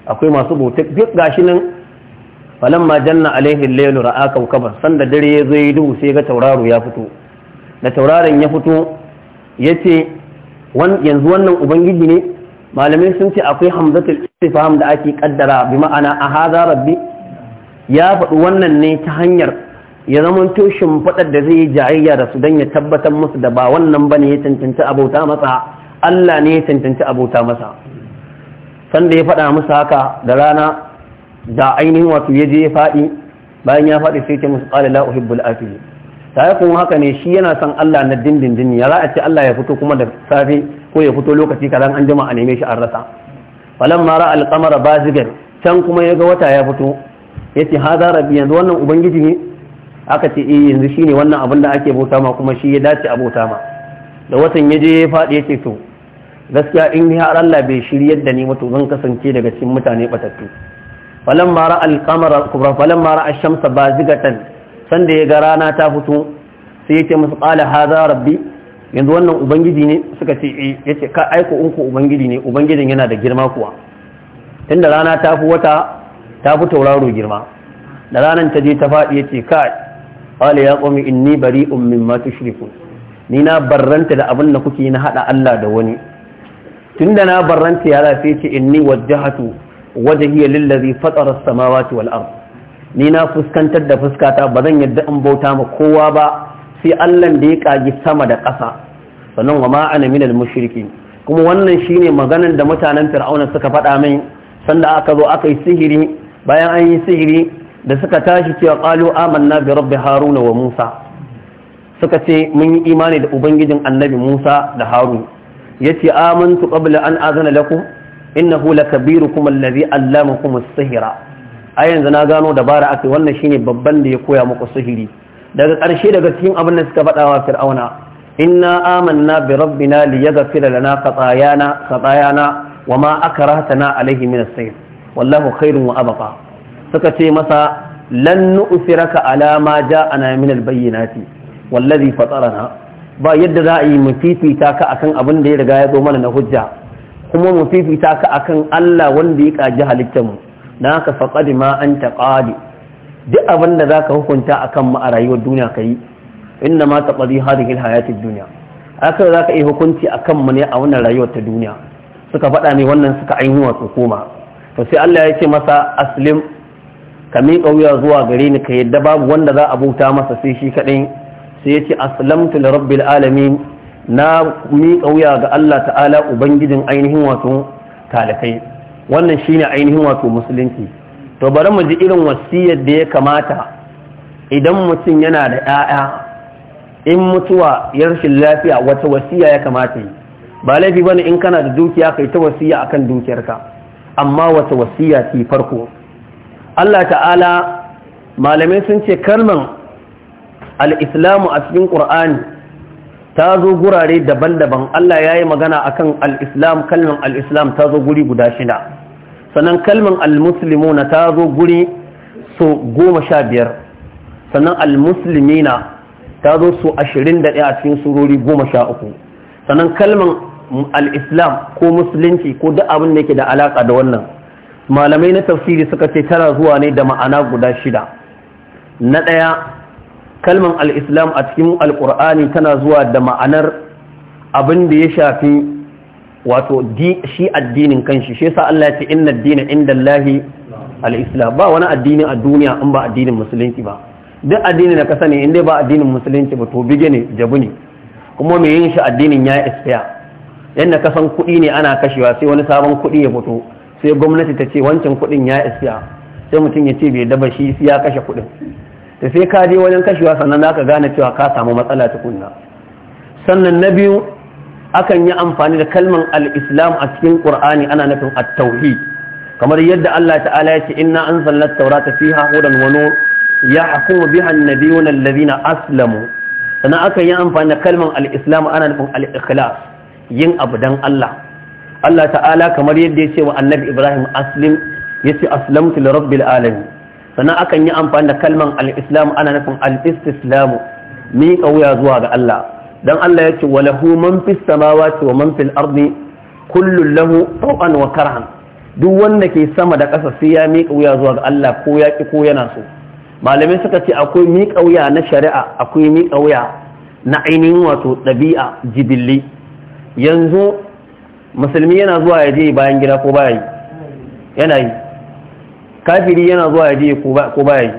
Speaker 1: akwai masu bautar duk gashi nan falamma janna alaihi lailu ra'a kawkaban sanda dare ya zo yi duhu sai ga tauraro ya fito da tauraron ya fito yace yanzu wannan ubangiji ne malamai sun ce akwai hamzatul istifham da ake kaddara bi ma'ana a haza rabbi ya faɗi wannan ne ta hanyar ya zama toshin faɗar da zai yi jayayya da su don ya tabbatar musu da ba wannan ba ne ya cancanci abota masa Allah ne ya cancanci abota masa sanda ya faɗa musu haka da rana da ainihin wato ya je ya faɗi bayan ya faɗi sai ce musu ƙalila la uhibbul afili tare kun haka ne shi yana son Allah na dindindin ya ra'a ce Allah ya fito kuma da safe ko ya fito lokaci kadan an jima a neme shi an rasa falamma ra'a al-qamara bazigan can kuma ya ga wata ya fito yace hadha rabbi yanzu wannan ubangiji ne aka ce eh yanzu shine wannan abin da ake bauta ma kuma shi ya dace a bauta ma da watan ya je ya faɗi ya ce to gaskiya in har Allah bai shiryar da ni mutu zan kasance daga cikin mutane batattu falan mara alkamara kubra falan mara ashamsa bazigatan san da ya ga rana ta fito sai yake musu qala hadha rabbi yanzu wannan ubangiji ne suka ce eh yace ka aiko unku ubangiji ne ubangijin yana da girma kuwa tunda rana ta fi wata ta fi tauraro girma da ranar ta je ta faɗi yace kai qala ya qawmi inni bari'un mimma tushrikun ni na barranta da abin da kuke na hada Allah da wani tunda na barranta ya lafi ce inni wajjahatu wajhiya lillazi fatara as-samawati wal ard ni na fuskantar da fuskata ba zan yadda in bauta ma kowa ba sai Allah da ya kagi sama da ƙasa sannan wa ma ana minal kuma wannan shine maganar da mutanen fir'auna suka faɗa min sanda aka zo aka yi sihiri bayan an yi sihiri da suka tashi cewa qalu amanna bi rabbi haruna wa musa suka ce mun yi imani da ubangijin annabi musa da harun yace amantu qabla an azana lakum innahu lakabirukum allazi allamakum as-sihra a yanzu na gano dabara ake wannan shine babban da ya koya muku sihiri daga ƙarshe daga cikin abin da suka faɗawa fir'auna inna amanna bi rabbina liyaghfira lana khatayana khatayana wama akrahtana alayhi min as-sayr wallahu khairun wa abqa suka ce masa lan nu'siraka ala ma ja'ana min al-bayyinati wallazi fatarana ba yadda za a yi mu fifita ka akan abin da ya riga ya zo mana na hujja kuma mu fifita ka akan Allah wanda ya kaji halittar mu na ka faqad ma anta qadi duk abin da zaka hukunta akan mu a rayuwar duniya kai inna ma taqdi hadhihi al-hayati ad-dunya aka zaka yi hukunci akan mu ne a wannan rayuwar ta duniya suka faɗa ne wannan suka ainihi wasu hukuma. to sai Allah ya ce masa aslim ka miƙa wuya zuwa gare ni ka yadda babu wanda za a bauta masa sai shi kaɗai sai ya ce aslamtu li rabbil alamin na miƙa wuya ga Allah ta'ala ubangijin ainihin wato talakai wannan shine ainihin wato musulunci to bari mu ji irin wasiyar da ya kamata idan mutum yana da 'ya'ya in mutuwa ya rashin lafiya wata wasiya ya kamata yi ba laifi bane in kana da dukiya kai ta wasiya akan dukiyarka amma wata wasiya ce farko Allah ta'ala malamai sun ce kalmar al-islamu a cikin ƙur'ani ta zo gurare daban-daban Allah ya yi magana akan al-islam kalmar al-islam ta zo guri guda shida sannan kalmar al na ta zo guri so goma sha biyar sannan al-muslimina ta zo so ashirin da ɗaya a cikin surori goma sha uku sannan kalmar al-islam ko musulunci ko duk abin da yake da alaƙa da wannan malamai na tafsiri suka ce tana zuwa ne da ma'ana guda shida na ɗaya kalman al'islam a cikin al’ur'ani tana zuwa da ma'anar abin da ya shafi wato shi addinin kanshi shi sa Allah ce inna addini inda Allahi al'islam ba wani addini a duniya in ba addinin musulunci ba duk addini da kasa ne inda ba addinin musulunci ba to bige ne jabu ne kuma mai yin shi addinin ya yi yadda kasan kuɗi ne ana kashewa sai wani sabon kuɗi ya fito sai gwamnati ta ce wancan kuɗin ya isa sai mutum ya ce bai daba shi ya kashe kuɗin da sai ka je wajen kashewa sannan za ka gane cewa ka samu matsala tukunna sannan na biyu akan yi amfani da kalman al-islam a cikin qur'ani ana nufin at-tauhid kamar yadda Allah ta'ala ya ce inna anzalna at-taurata fiha hudan wa nur yahkumu biha an-nabiyuna alladhina aslamu sannan akan yi amfani da kalman al-islam ana nufin al-ikhlas yin abu dan Allah Allah ta'ala kamar yadda ya ce wa annabi Ibrahim aslim ya ce aslamtu li rabbil alamin sannan akan yi amfani da kalman al-islam ana nufin al-istislamu miƙa wuya zuwa ga Allah dan Allah ya ce walahu man fis samawati wa man fil ardi lahu taw'an wa karhan duk wanda ke sama da ƙasa sai ya miƙa wuya zuwa ga Allah ko ya ki ko yana so malamai suka ce akwai miƙa wuya na shari'a akwai miƙa wuya na ainihin wato ɗabi'a jibilli yanzu musulmi yana zuwa ya je bayan gida ko bayan yana yi kafiri yana zuwa ya je ko bayan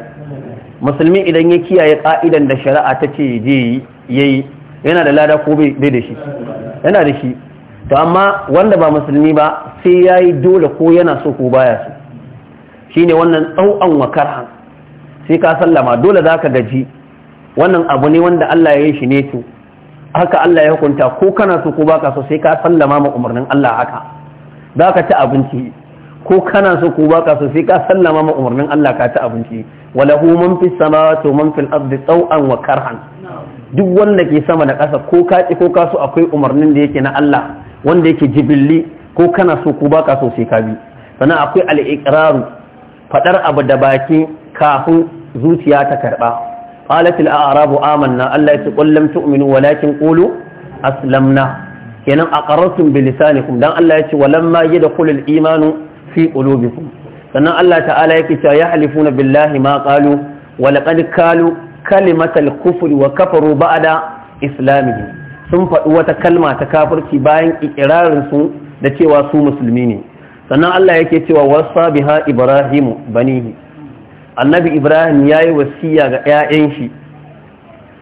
Speaker 1: musulmi idan ya kiyaye ka'idan da shari'a ta ce je yayi yana da lada ko bai da shi yana da shi to amma wanda ba musulmi ba sai yayi dole ko yana so ko baya so shine wannan tsau'an wa karha sai ka sallama dole zaka gaji wannan abu ne wanda Allah ya yi shi ne to haka Allah ya hukunta ko kana so ko baka so sai ka sallama ma umarnin Allah haka za ka ci abinci ko kana so ko baka so sai ka sallama ma umarnin Allah ka ci abinci walahu man fis samawati man fil ardi taw'an wa karhan duk wanda ke sama da ƙasa ko ka ko ka so akwai umarnin da yake na Allah wanda yake jibilli ko kana so ko baka so sai ka bi sannan akwai al iqrar fadar abu da baki kafin zuciya ta karba qalat al a'rabu na Allah ya ce qul lam walakin kulu aslamna kenan aqarrtum bi lisanikum dan Allah ya ce walamma yadkhul al imanu fi qulubikum sannan Allah ta'ala yake cewa yahlifuna billahi ma qalu wa laqad kalu kalimatal kufuri wa kafaru ba'da islamihim sun faɗi wata kalma ta kafirci bayan ikirarin su da cewa su musulmi ne sannan Allah yake cewa wasa biha ibrahimu banihi annabi ibrahim ya yi wasiya ga 'ya'yan shi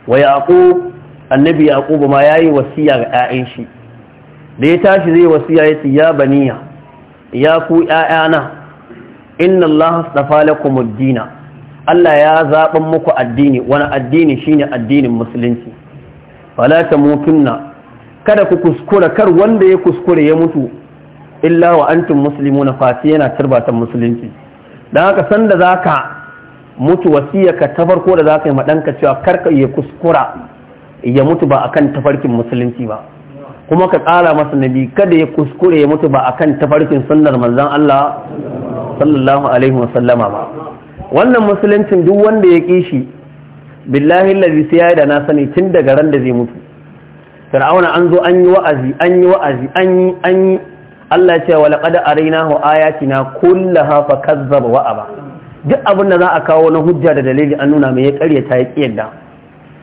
Speaker 1: wa yaƙo annabi yaƙo ma ya yi wasiya ga 'ya'yan shi da ya tashi zai wasiya ya ce ya baniya ya ku 'ya'yana inna allaha astafa lakum ad-dina Allah ya zaɓan muku addini wani addini shine addinin musulunci fala tamutunna kada ku kuskura kar wanda ya kuskure ya mutu illa wa antum muslimuna fati yana turbatan musulunci dan haka sanda zaka mutu wasiyarka ta farko da za ka yi maɗanka cewa karka ya kuskura ya mutu ba akan tafarkin musulunci ba kuma ka ƙara masa nabi kada ya kuskure ya mutu ba akan tafarkin sunnar manzon Allah sallallahu alaihi wasallama ba wannan musuluncin duk wanda ya ƙi shi billahi allazi sai ya da na sani tun daga ran da zai mutu fir'auna an zo an yi wa'azi an yi wa'azi an yi an yi Allah ya ce wa laqad araynahu ayatina kullaha fakazzaba wa aba duk abin da za a kawo na hujja da dalili an nuna mai ya karya ta ya kiyarda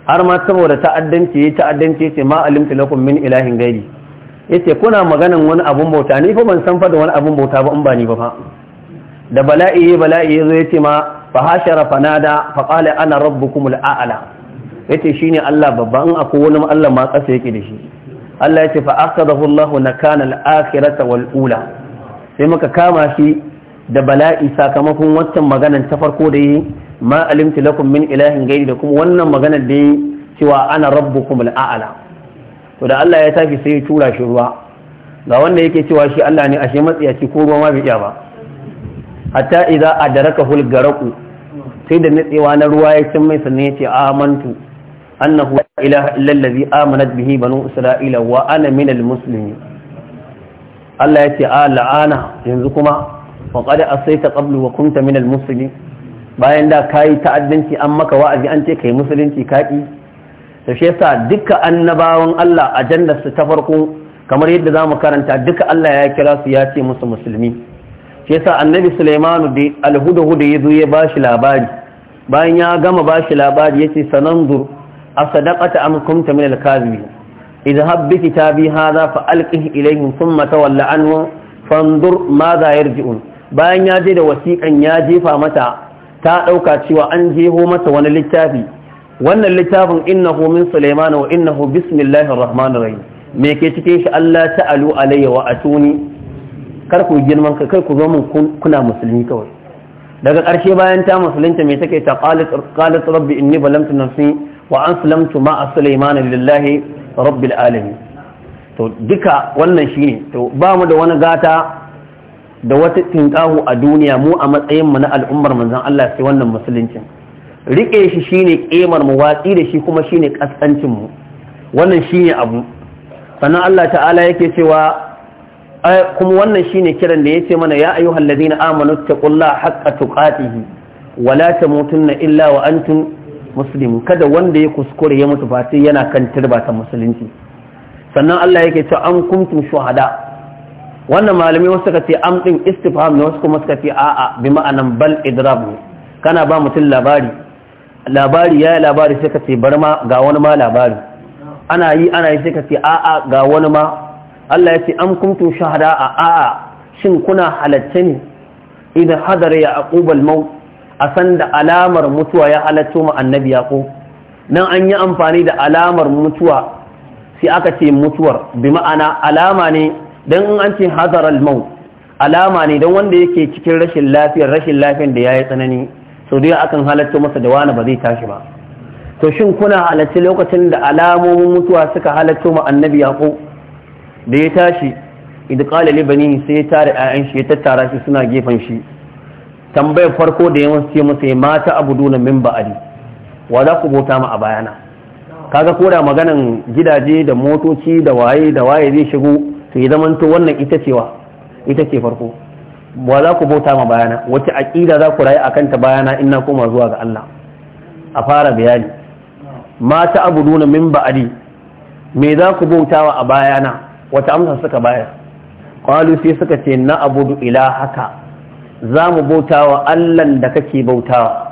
Speaker 1: har ma saboda ta'addanci ya ta'addanci ce ma alimta lakum min ilahin gairi yace kuna maganan wani abun bauta ni fa ban san fa da wani abun bauta ba in ba ni ba fa da bala'i bala'i yazo ce ma fa hashara fanada fa qala ana Ya a'la yace shine Allah babba in akwai wani Allah ma kasa yake da shi Allah yace fa akhadahu Allahu nakana al-akhirata wal ula sai muka kama shi da bala'i sakamakon wancan maganar ta farko da yi ma alimtu lakum min ilahin gaidi da kuma wannan maganar da yi cewa ana rabbukum al'ala to da Allah ya tafi sai ya tura shi ruwa ga wanda yake cewa shi Allah ne ashe matsiyaci ko ruwa ma bai iya ba hatta idza adraka hul garaku sai da natsewa na ruwa ya cin mai sannan ya ce amantu annahu la ilaha illa allazi amanat bihi banu isra'ila wa ana minal muslimin Allah ya ce a la'ana yanzu kuma wa qad asaita qablu wa kunta minal musulmi bayan da kayi ta'addanci an maka wa'azi an ce ka yi musulunci kaki to shi yasa duka annabawan Allah ajandar su ta farko kamar yadda zamu karanta duka Allah ya kira su ya ce musu musulmi shi yasa annabi Sulaimanu da alhudahuda yazo ya bashi labari bayan ya gama bashi labari yace a asadaqata am kunta min al-kadhibin اذهب بكتابي هذا فألقه إليهم ثم تول fandur فانظر ماذا يرجعون bayan ya je da wasiƙan ya jefa mata ta ɗauka cewa an jeho mata wani littafi wannan littafin innahu min sulaimana wa innahu bismillahir rahmanir rahim me ke cikin shi Allah ta'alu alayya wa atuni kar ku girman ka kai ku zo mun kuna musulmi kawai daga ƙarshe bayan ta musulunta me take ta qalat rabbi inni balamtu nafsi wa aslamtu ma'a sulaimana lillahi rabbil alamin to duka wannan shine to ba mu da wani gata da wata tinkahu a duniya mu a matsayin mu na al'ummar manzan Allah sai wannan musuluncin rike shi shine kemar mu watsi da shi kuma shine kaskancin mu wannan shine abu sannan Allah ta'ala yake cewa kuma wannan shine kiran da yace mana ya ayyuhal ladina amanu taqullaha haqqa tuqatihi wa la tamutunna illa wa antum muslimun kada wanda ya kuskure ya mutu ba sai yana kan turba ta musulunci sannan Allah yake cewa an kuntum shuhada wannan malami wasu suka ce am din istifham ne wasu kuma suka ce a'a bi ma'anan bal idrab ne kana ba mutum labari labari ya labari sai ka ce bar ma ga wani ma labari ana yi ana yi sai ka ce a'a ga wani ma Allah ya ce am kuntum shahada a a'a shin kuna halacce ne idan hadara ya aqubal maut a san da alamar mutuwa ya halatto ma annabi ko? nan an yi amfani da alamar mutuwa sai aka ce mutuwar bi ma'ana alama ne don an ce hazar al alama ne don wanda yake cikin rashin lafiyar rashin lafiyar da ya yi tsanani sau da akan halatta masa da wani ba zai tashi ba to shin kuna halarci lokacin da alamomin mutuwa suka halatta ma annabi yaƙo da ya tashi idan ƙala libani sai ya tare ayan shi ya tattara shi suna gefen shi tambayar farko da ya ce masa ya mata abu duna min ba'adi wa za ku bauta ma a bayana kaga koda maganan gidaje da motoci da waye da waye zai shigo to zamanto wannan ita cewa ita ce farko ba za ku bauta ma bayana wacce aƙida za ku rayu a kanta bayana ina koma zuwa ga Allah a fara bayani mata abu nuna min ba'adi me za ku bautawa a bayana wata amsa suka bayar kwalu sai suka ce na abu ila haka za mu bautawa allah da kake bautawa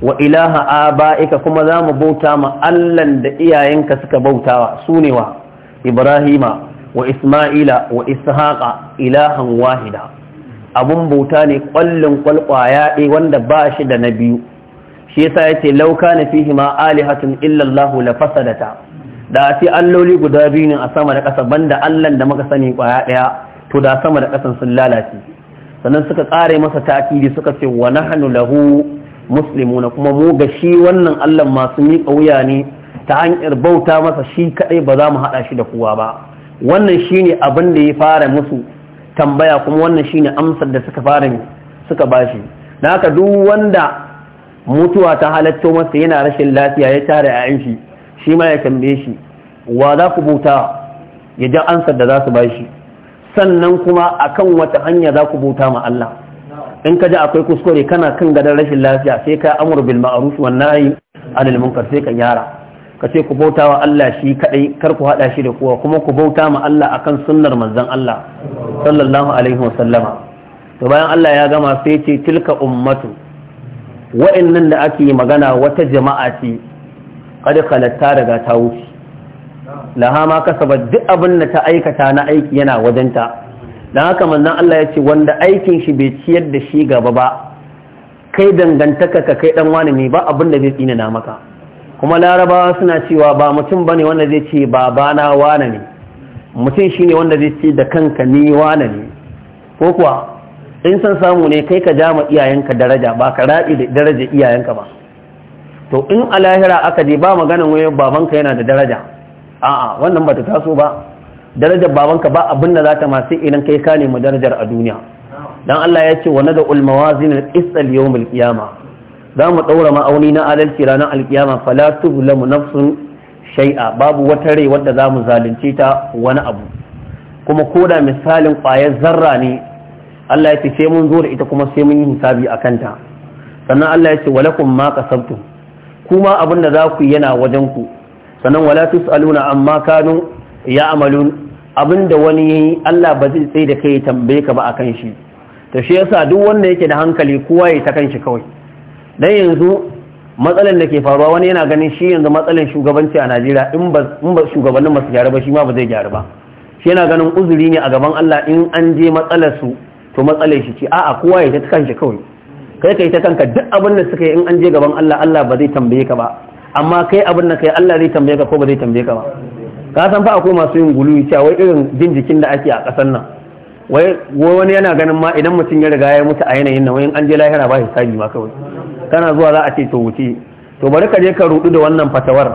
Speaker 1: wa ilaha aba'ika kuma za mu bauta ma Allahn da iyayenka suka bautawa su ne wa Ibrahima wa isma'ila wa ishaqa ilahan wahida abun bauta ne ƙwallon kwalkwaya ɗaya wanda ba shi da na biyu shi yasa yace lauka kana fihi ma alihatun illa allah la fasadata da sai alloli guda biyu ne a sama da ƙasa banda Allah da muka sani kwaya ɗaya to da sama da ƙasan sun lalace sannan suka ƙare masa takidi suka ce wa nahnu lahu muslimuna kuma mu ga shi wannan Allah masu miƙa wuya ne ta hanyar bauta masa shi kaɗai ba za mu haɗa shi da kowa ba wannan shine abin da ya fara musu tambaya kuma wannan shine amsar da suka fara suka bashi dan haka duk wanda mutuwa ta halatto masa yana rashin lafiya ya tare a shi shi ma ya tambaye shi wa za ku buta ya ji da za su bashi sannan kuma akan wata hanya za ku buta ma Allah in ka ji akwai kuskure kana kan gadon rashin lafiya sai ka amur bil ma'ruf wan nahi anil munkar sai ka yara ka ce ku bauta wa Allah shi kadai kar ku hada shi da kowa kuma ku bauta ma Allah akan sunnar manzon Allah sallallahu alaihi wa sallama to bayan Allah ya gama sai ce tilka ummatu wa'annan da ake magana wata jama'a ce kad khalatta daga ta wuce laha ma kasaba duk abin da ta aikata na aiki yana wajenta dan haka manzon Allah ya ce wanda aikin shi bai ciyar da shi gaba ba kai dangantaka ka kai dan wani ne ba abin da zai tsina maka kuma larabawa suna cewa ba mutum bane wanda zai ce babana wane ne mutum shine wanda zai ce da kanka ni wane ne ko kuwa in san samu ne kai ka jama iyayenka daraja ba ka raɗi da daraja iyayenka ba to in a lahira aka je ba maganin wani babanka yana da daraja a'a wannan ba ta taso ba darajar babanka ba abin da za ta masu idan kai ka nemi darajar a duniya dan Allah ya ce wa da ulmawa al-qisal yawm al-qiyamah za mu ɗaura ma'auni na adalci ranar alkiyama falatu tuzlamu nafsun shai'a babu wata rai wadda za mu zalunce ta wani abu kuma koda misalin ƙwayar zarra ne Allah ya ce sai mun zo da ita kuma sai mun yi hisabi a kanta sannan Allah ya ce walakum ma kasabtum kuma abin da za ku yana wajen ku sannan wala tusaluna amma kanu ya'malun abin da wani yayi Allah ba zai tsaye da kai tambaye ka ba akan shi to shi yasa duk wanda yake da hankali kowa ya ta kan shi kawai dan yanzu matsalan da ke faruwa wani yana ganin shi yanzu matsalan shugabanci a Najeriya in ba shugabannin masu gyara ba shi ma ba zai gyara ba shi yana ganin uzuri ne a gaban Allah in an je matsalar su to matsalar shi ce a'a kowa ya ta kanshi kawai kai kai ta kanka duk abin da suka yi in an je gaban Allah Allah ba zai tambaye ka ba amma kai abin da kai Allah zai tambaye ka ko ba zai tambaye ka ba ka san fa akwai masu yin guluwi cewa wai irin jin jikin da ake a ƙasar nan wai wani yana ganin ma idan mutum ya riga ya mutu a yanayin nan wai in an je lahira ba hisabi ma kawai kana zuwa za a ce to wuce to bari ka je ka rudu da wannan fatawar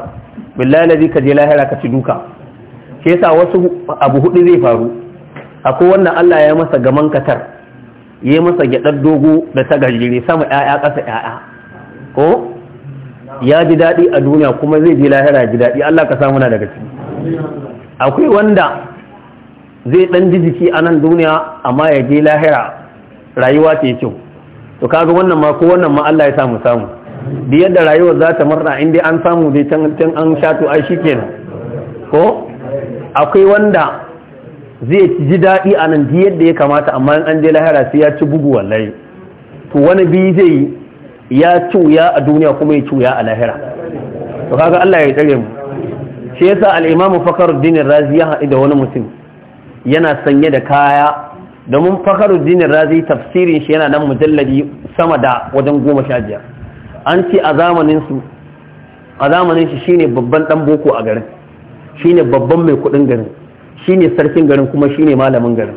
Speaker 1: billahi ladhi ka je lahira ka ci duka ke yasa wasu abu hudu zai faru akwai wannan Allah ya masa gaman katar ya masa gyadar dogo da ta gajire sama ƴaƴa ƙasa ƴaƴa ko ya ji daɗi a duniya kuma zai je lahira ji daɗi Allah ka samu na daga ciki akwai wanda zai ɗan ji jiki a nan duniya amma ya je lahira rayuwa ce kyau to kaga wannan ma ko wannan ma Allah ya sa mu samu bi yadda rayuwar za ta in dai an samu dai can can an shato to ai shikenan ko akwai wanda zai ji daɗi a nan bi yadda ya kamata amma in an je lahira sai ya ci bugu wallahi to wani bi zai ya cuya a duniya kuma ya cuya a lahira to kaga Allah ya tsare mu shi yasa al-Imam Fakhruddin Razi ya haɗu da wani mutum yana sanye da kaya domin dinin razi tafsirin shi yana nan mujalladi sama da wajen goma sha biyar an ce a zamanin su shi shine babban dan boko a garin shine babban mai kudin garin shine sarkin garin kuma shine malamin garin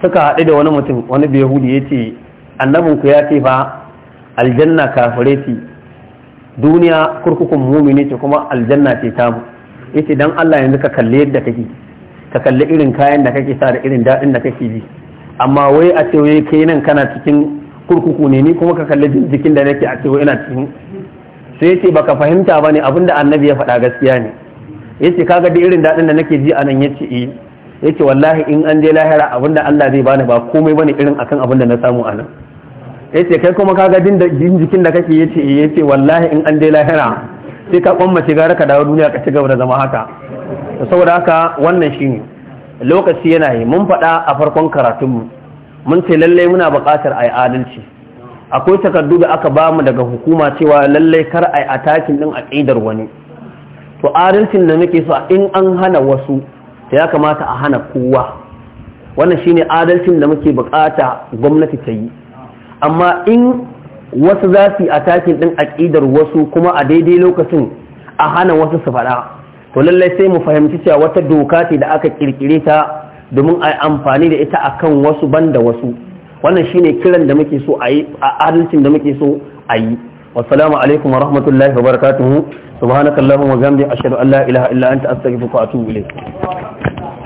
Speaker 1: suka haɗu da wani mutum wani yahudi ya ce annabinku ya ce fa aljanna kafireti duniya kurkukun mumini ce kuma aljanna ce tamu ya ce don allah yanzu ka kalli yadda kake ka kalli irin kayan da kake sa da irin daɗin da kake ji amma wai a ce wai ke nan kana cikin kurkuku ne ni kuma ka kalli jikin da nake a ce wai ina cikin sai ce baka fahimta ba ne abinda annabi ya faɗa gaskiya ne Ya ce kaga da irin daɗin da nake ji anan yace eh ce wallahi in an je lahira abinda Allah zai bani ba komai bane irin akan abinda na samu anan ce kai kuma kaga din jikin da kake eh. Ya ce wallahi in an je lahira sai ka kwamma shiga ka dawo duniya ka ci gaba da zama haka saboda haka wannan shi lokaci yana yi mun faɗa a farkon karatunmu mun ce lallai muna buƙatar a yi adalci akwai takardu da aka ba mu daga hukuma cewa lallai kar a yi a takin ɗin a ƙidar wani to adalcin da muke so in an hana wasu ta ya kamata a hana kowa wannan shi ne adalcin da muke buƙata gwamnati ta yi amma in wasu za su yi a takin ɗin a ƙidar wasu kuma a daidai lokacin a hana wasu su faɗa to lallai sai mu fahimci cewa wata doka ce da aka kirkire ta domin a amfani da ita akan wasu ban da wasu wannan shine kiran da muke so a yi a adalcin da muke so a yi wassalamu alaikum wa rahmatullahi wa barakatuhu subhanakallahumma wa bihamdika ashhadu an la ilaha illa anta astaghfiruka wa atubu
Speaker 3: ilayk